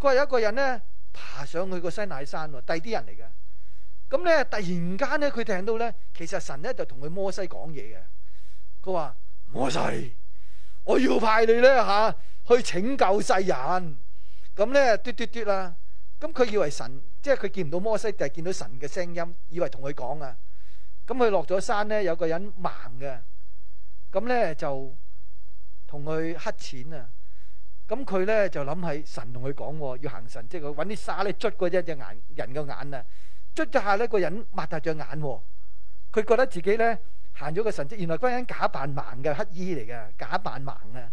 佢話有一個人咧爬上去個西乃山喎，第啲人嚟嘅。咁咧突然間咧，佢聽到咧，其實神咧就同佢摩西講嘢嘅。佢話摩西。我要派你咧嚇去拯救世人，咁、嗯、咧嘟嘟嘟啦！咁、嗯、佢以為神，即係佢見唔到摩西，就係見到神嘅聲音，以為同佢講啊！咁佢落咗山咧，有個人盲嘅，咁、嗯、咧就同佢乞錢啊！咁佢咧就諗起神同佢講，要行神，即係佢搵啲沙咧捽過一隻眼人嘅眼啊！捽咗下呢個人擘大隻眼，佢覺得自己咧。行咗個神迹，原來嗰人假扮盲嘅乞衣嚟嘅，假扮盲啊！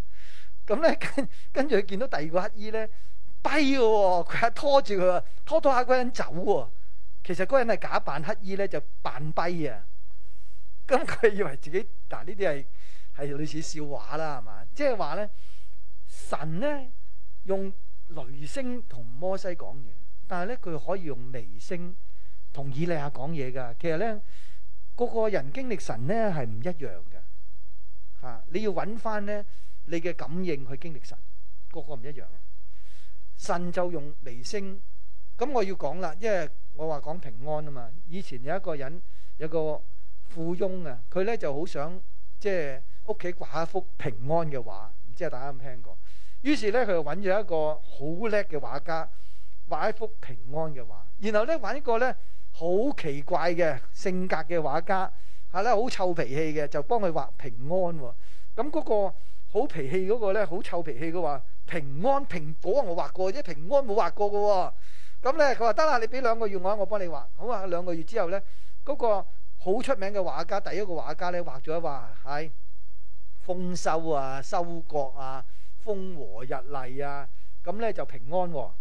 咁咧，跟跟住佢見到第二個乞衣咧，跛嘅喎，佢係拖住佢，拖拖下嗰人走喎、哦。其實嗰人係假扮乞衣咧，就扮跛啊！咁佢以為自己，嗱呢啲係係類似笑話啦，係嘛？即係話咧，神咧用雷聲同摩西講嘢，但係咧佢可以用微聲同以利亞講嘢噶。其實咧。個個人經歷神咧係唔一樣嘅，嚇！你要揾翻咧你嘅感應去經歷神，個個唔一樣啊！神就用微聲，咁我要講啦，因為我話講平安啊嘛。以前有一個人有個富翁啊，佢咧就好想即係屋企畫一幅平安嘅畫，唔知啊大家有冇聽過？於是咧佢就揾咗一個好叻嘅畫家畫一幅平安嘅畫，然後咧揾個咧。好奇怪嘅性格嘅畫家，係咧好臭脾氣嘅，就幫佢畫平安。咁嗰個好脾氣嗰個咧，好臭脾氣嘅話平安蘋果我畫過，哦，即平安冇畫過嘅。咁咧佢話得啦，你俾兩個月我，我幫你畫好啊。兩個月之後咧，嗰、那個好出名嘅畫家，第一個畫家咧畫咗一畫係豐收啊，收割啊，風和日麗啊，咁咧就平安，哦。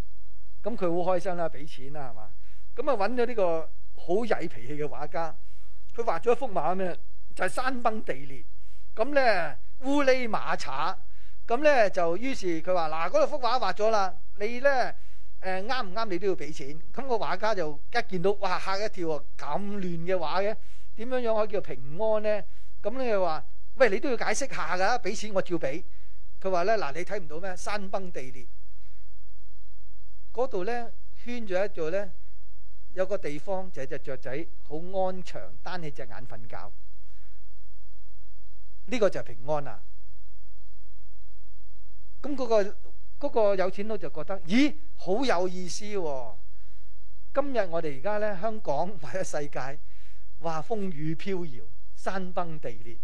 咁佢好開心啦，俾錢啦，係嘛？咁啊！揾咗呢個好曳脾氣嘅畫家，佢畫咗一幅畫咩？就係山崩地裂咁咧，烏哩馬查咁咧就。於是佢話：嗱，嗰度幅畫畫咗啦，你咧誒啱唔啱？你都要俾錢。咁個畫家就一見到哇嚇一跳，咁亂嘅畫嘅點樣樣可以叫平安咧？咁咧佢話：餵，你都要解釋下㗎，俾錢我照俾。佢話咧嗱，你睇唔到咩？山崩地裂嗰度咧圈咗一座咧。有個地方就隻雀仔好安詳，單起隻眼瞓覺，呢、這個就係平安啦。咁嗰、那個、那個有錢佬就覺得，咦，好有意思喎、哦！今日我哋而家呢，香港或者世界哇，風雨飄搖、山崩地裂，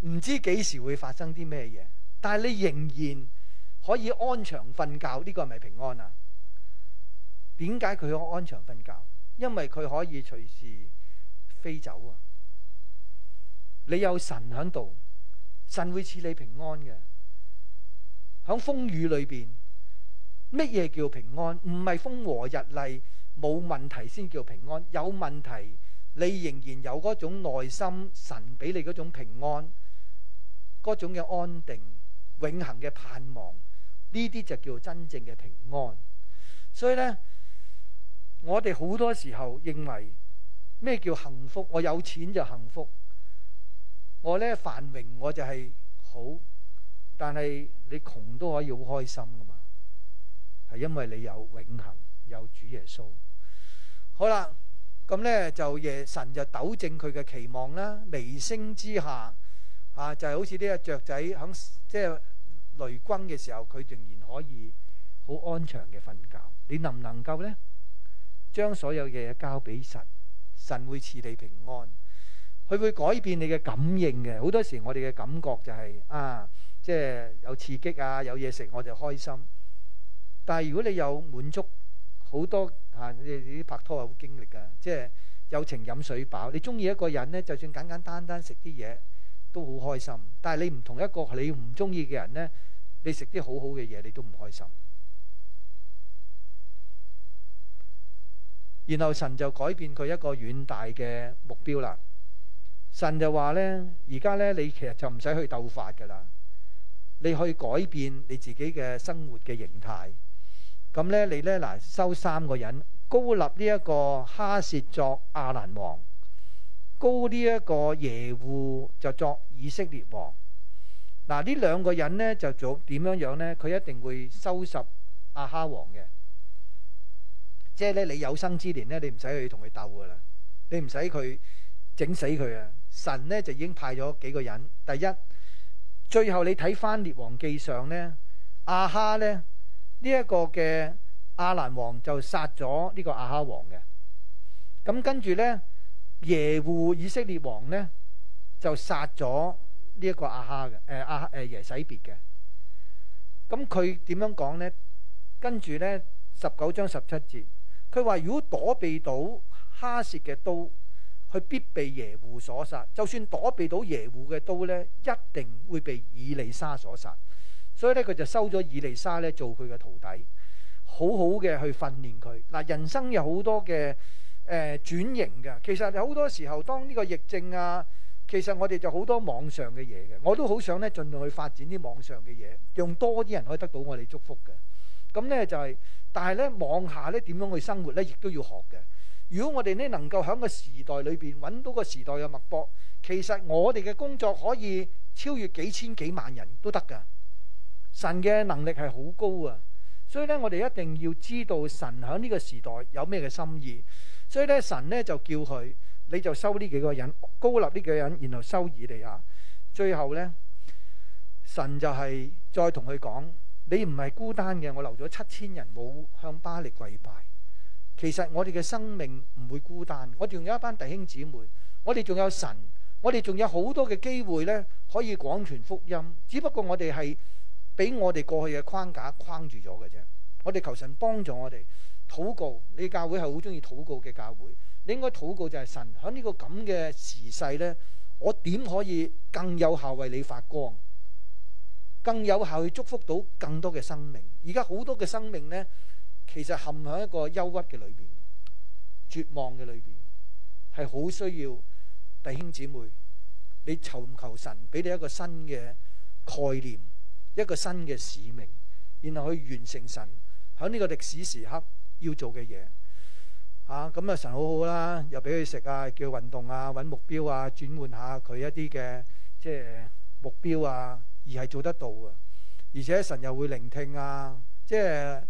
唔知幾時會發生啲咩嘢，但係你仍然可以安詳瞓覺，呢、這個係咪平安啊？點解佢可安詳瞓覺？因為佢可以隨時飛走啊！你有神喺度，神會賜你平安嘅。響風雨裏邊，乜嘢叫平安？唔係風和日麗冇問題先叫平安，有問題你仍然有嗰種內心神俾你嗰種平安，嗰種嘅安定、永恒嘅盼望，呢啲就叫真正嘅平安。所以呢。我哋好多時候認為咩叫幸福？我有錢就幸福，我咧繁榮我就係好，但係你窮都可以好開心噶嘛，係因為你有永恒，有主耶穌。好啦，咁咧就神就糾正佢嘅期望啦。微聲之下啊，就係、是、好似呢隻雀仔響即係雷轟嘅時候，佢仍然可以好安詳嘅瞓覺。你能唔能夠咧？將所有嘢交俾神，神會賜你平安。佢會改變你嘅感應嘅。好多時我哋嘅感覺就係、是、啊，即係有刺激啊，有嘢食我哋開心。但係如果你有滿足很，好多吓你啲拍拖好經歷噶，即係有情飲水飽。你中意一個人呢，就算簡簡單單食啲嘢都好開心。但係你唔同一個你唔中意嘅人呢，你食啲好好嘅嘢你都唔開心。然後神就改變佢一個遠大嘅目標啦。神就話呢：「而家呢，你其實就唔使去鬥法噶啦，你去改變你自己嘅生活嘅形態。咁呢，你呢，嗱收三個人，高立呢一個哈薛作亞蘭王，高呢一個耶戶就作以色列王。嗱、啊、呢兩個人呢，就做點樣樣呢？佢一定會收拾阿哈王嘅。即係咧，你有生之年咧，你唔使去同佢鬥噶啦你唔使佢整死佢啊！神咧就已經派咗幾個人。第一，最後你睇翻列王記上咧，亞哈咧呢一個嘅亞蘭王就殺咗呢個亞哈王嘅。咁跟住咧，耶戶以色列王咧就殺咗呢一個亞哈嘅，誒亞誒耶洗別嘅。咁佢點樣講咧？跟住咧，十九章十七節。佢話：如果躲避到哈薛嘅刀，佢必被耶戶所殺；就算躲避到耶戶嘅刀呢，一定會被以利沙所殺。所以咧，佢就收咗以利沙咧做佢嘅徒弟，好好嘅去訓練佢。嗱，人生有好多嘅誒、呃、轉型嘅，其實好多時候當呢個疫症啊，其實我哋就好多網上嘅嘢嘅，我都好想咧盡量去發展啲網上嘅嘢，用多啲人可以得到我哋祝福嘅。咁、嗯、呢就係、是，但係呢，望下呢點樣去生活呢，亦都要學嘅。如果我哋呢能夠喺個時代裏邊揾到個時代嘅脈搏，其實我哋嘅工作可以超越幾千幾萬人都得噶。神嘅能力係好高啊，所以呢，我哋一定要知道神喺呢個時代有咩嘅心意。所以呢，神呢就叫佢，你就收呢幾個人，高立呢幾個人，然後收以利亞，最後呢，神就係再同佢講。你唔係孤單嘅，我留咗七千人冇向巴力跪拜。其實我哋嘅生命唔會孤單，我仲有一班弟兄姊妹，我哋仲有神，我哋仲有好多嘅機會呢可以廣傳福音。只不過我哋係俾我哋過去嘅框架框住咗嘅啫。我哋求神幫助我哋禱告。你教會係好中意禱告嘅教會，你應該禱告就係神喺呢個咁嘅時勢呢，我點可以更有效為你發光？更有效去祝福到更多嘅生命。而家好多嘅生命呢，其實陷喺一個憂鬱嘅裏邊，絕望嘅裏邊，係好需要弟兄姊妹，你求唔求神俾你一個新嘅概念，一個新嘅使命，然後去完成神響呢個歷史時刻要做嘅嘢吓，咁啊，神好好啦，又俾佢食啊，叫運動啊，揾目標啊，轉換下佢一啲嘅即係目標啊。而係做得到嘅，而且神又會聆聽啊。即係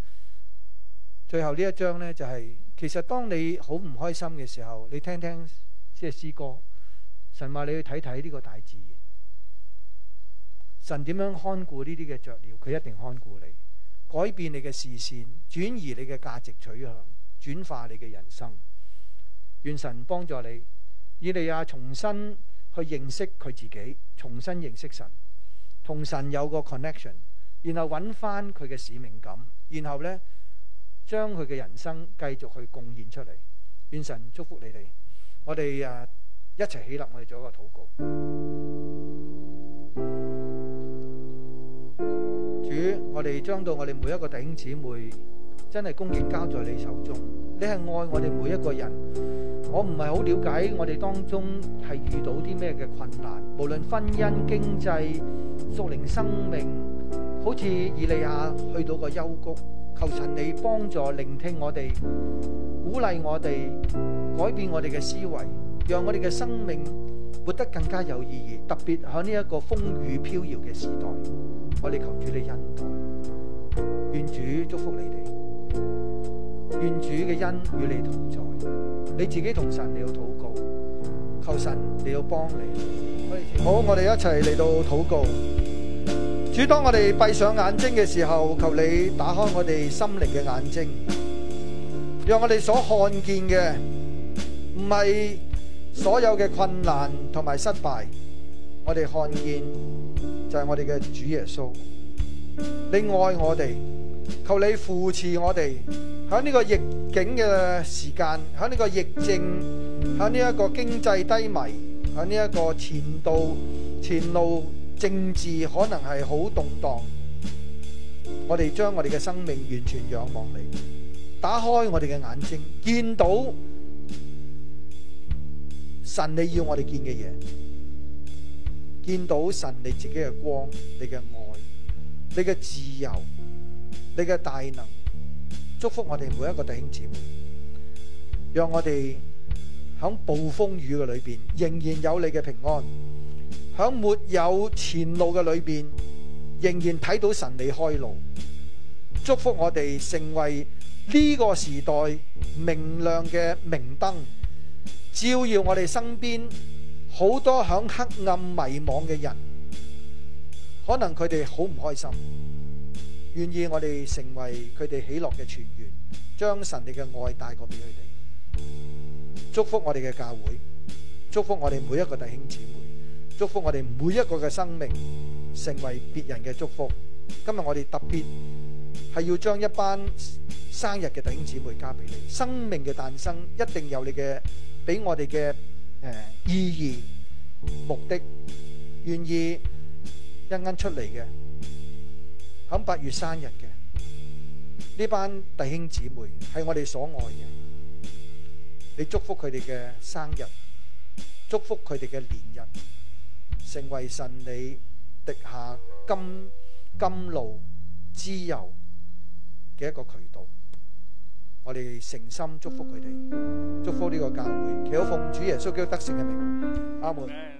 最後呢一章呢，就係、是、其實當你好唔開心嘅時候，你聽聽即係詩歌。神話你去睇睇呢個大自然，神點樣看顧呢啲嘅雀鳥，佢一定看顧你，改變你嘅視線，轉移你嘅價值取向，轉化你嘅人生。願神幫助你，以利亞重新去認識佢自己，重新認識神。同神有個 connection，然後揾翻佢嘅使命感，然後呢將佢嘅人生繼續去貢獻出嚟。願神祝福你哋，我哋誒一齊起立，我哋做一個禱告。主，我哋將到我哋每一個弟兄姊妹真係恭敬交在你手中。你係愛我哋每一個人。我唔係好了解我哋當中係遇到啲咩嘅困難，無論婚姻、經濟、屬靈、生命，好似以利亞去到個幽谷，求神你幫助聆聽我哋，鼓勵我哋，改變我哋嘅思維，讓我哋嘅生命活得更加有意義。特別喺呢一個風雨飄搖嘅時代，我哋求主你恩待，願主祝福你哋。願主嘅恩與你同在，你自己同神你要禱告，求神你要幫你。好，我哋一齊嚟到禱告。主，當我哋閉上眼睛嘅時候，求你打開我哋心靈嘅眼睛，讓我哋所看見嘅唔係所有嘅困難同埋失敗，我哋看見就係我哋嘅主耶穌，你愛我哋，求你扶持我哋。喺呢個逆境嘅時間，喺呢個疫症，喺呢一個經濟低迷，喺呢一個前度前路政治可能係好動盪，我哋將我哋嘅生命完全仰望你，打開我哋嘅眼睛，見到神你要我哋見嘅嘢，見到神你自己嘅光，你嘅愛，你嘅自由，你嘅大能。祝福我哋每一個弟兄姊妹，讓我哋喺暴風雨嘅裏邊仍然有你嘅平安，響沒有前路嘅裏邊仍然睇到神你開路。祝福我哋成為呢個時代明亮嘅明燈，照耀我哋身邊好多響黑暗迷惘嘅人，可能佢哋好唔開心。願意我哋成為佢哋喜樂嘅傳員，將神你嘅愛帶過俾佢哋，祝福我哋嘅教會，祝福我哋每一個弟兄姊妹，祝福我哋每一個嘅生命成為別人嘅祝福。今日我哋特別係要將一班生日嘅弟兄姊妹交俾你，生命嘅誕生一定有你嘅，俾我哋嘅誒意義目的，願意啱啱出嚟嘅。喺八月生日嘅呢班弟兄姊妹係我哋所愛嘅，你祝福佢哋嘅生日，祝福佢哋嘅年日，成為神你滴下金金露之油嘅一個渠道。我哋誠心祝福佢哋，祝福呢個教會，祈求奉主耶穌基督得勝嘅名，阿門。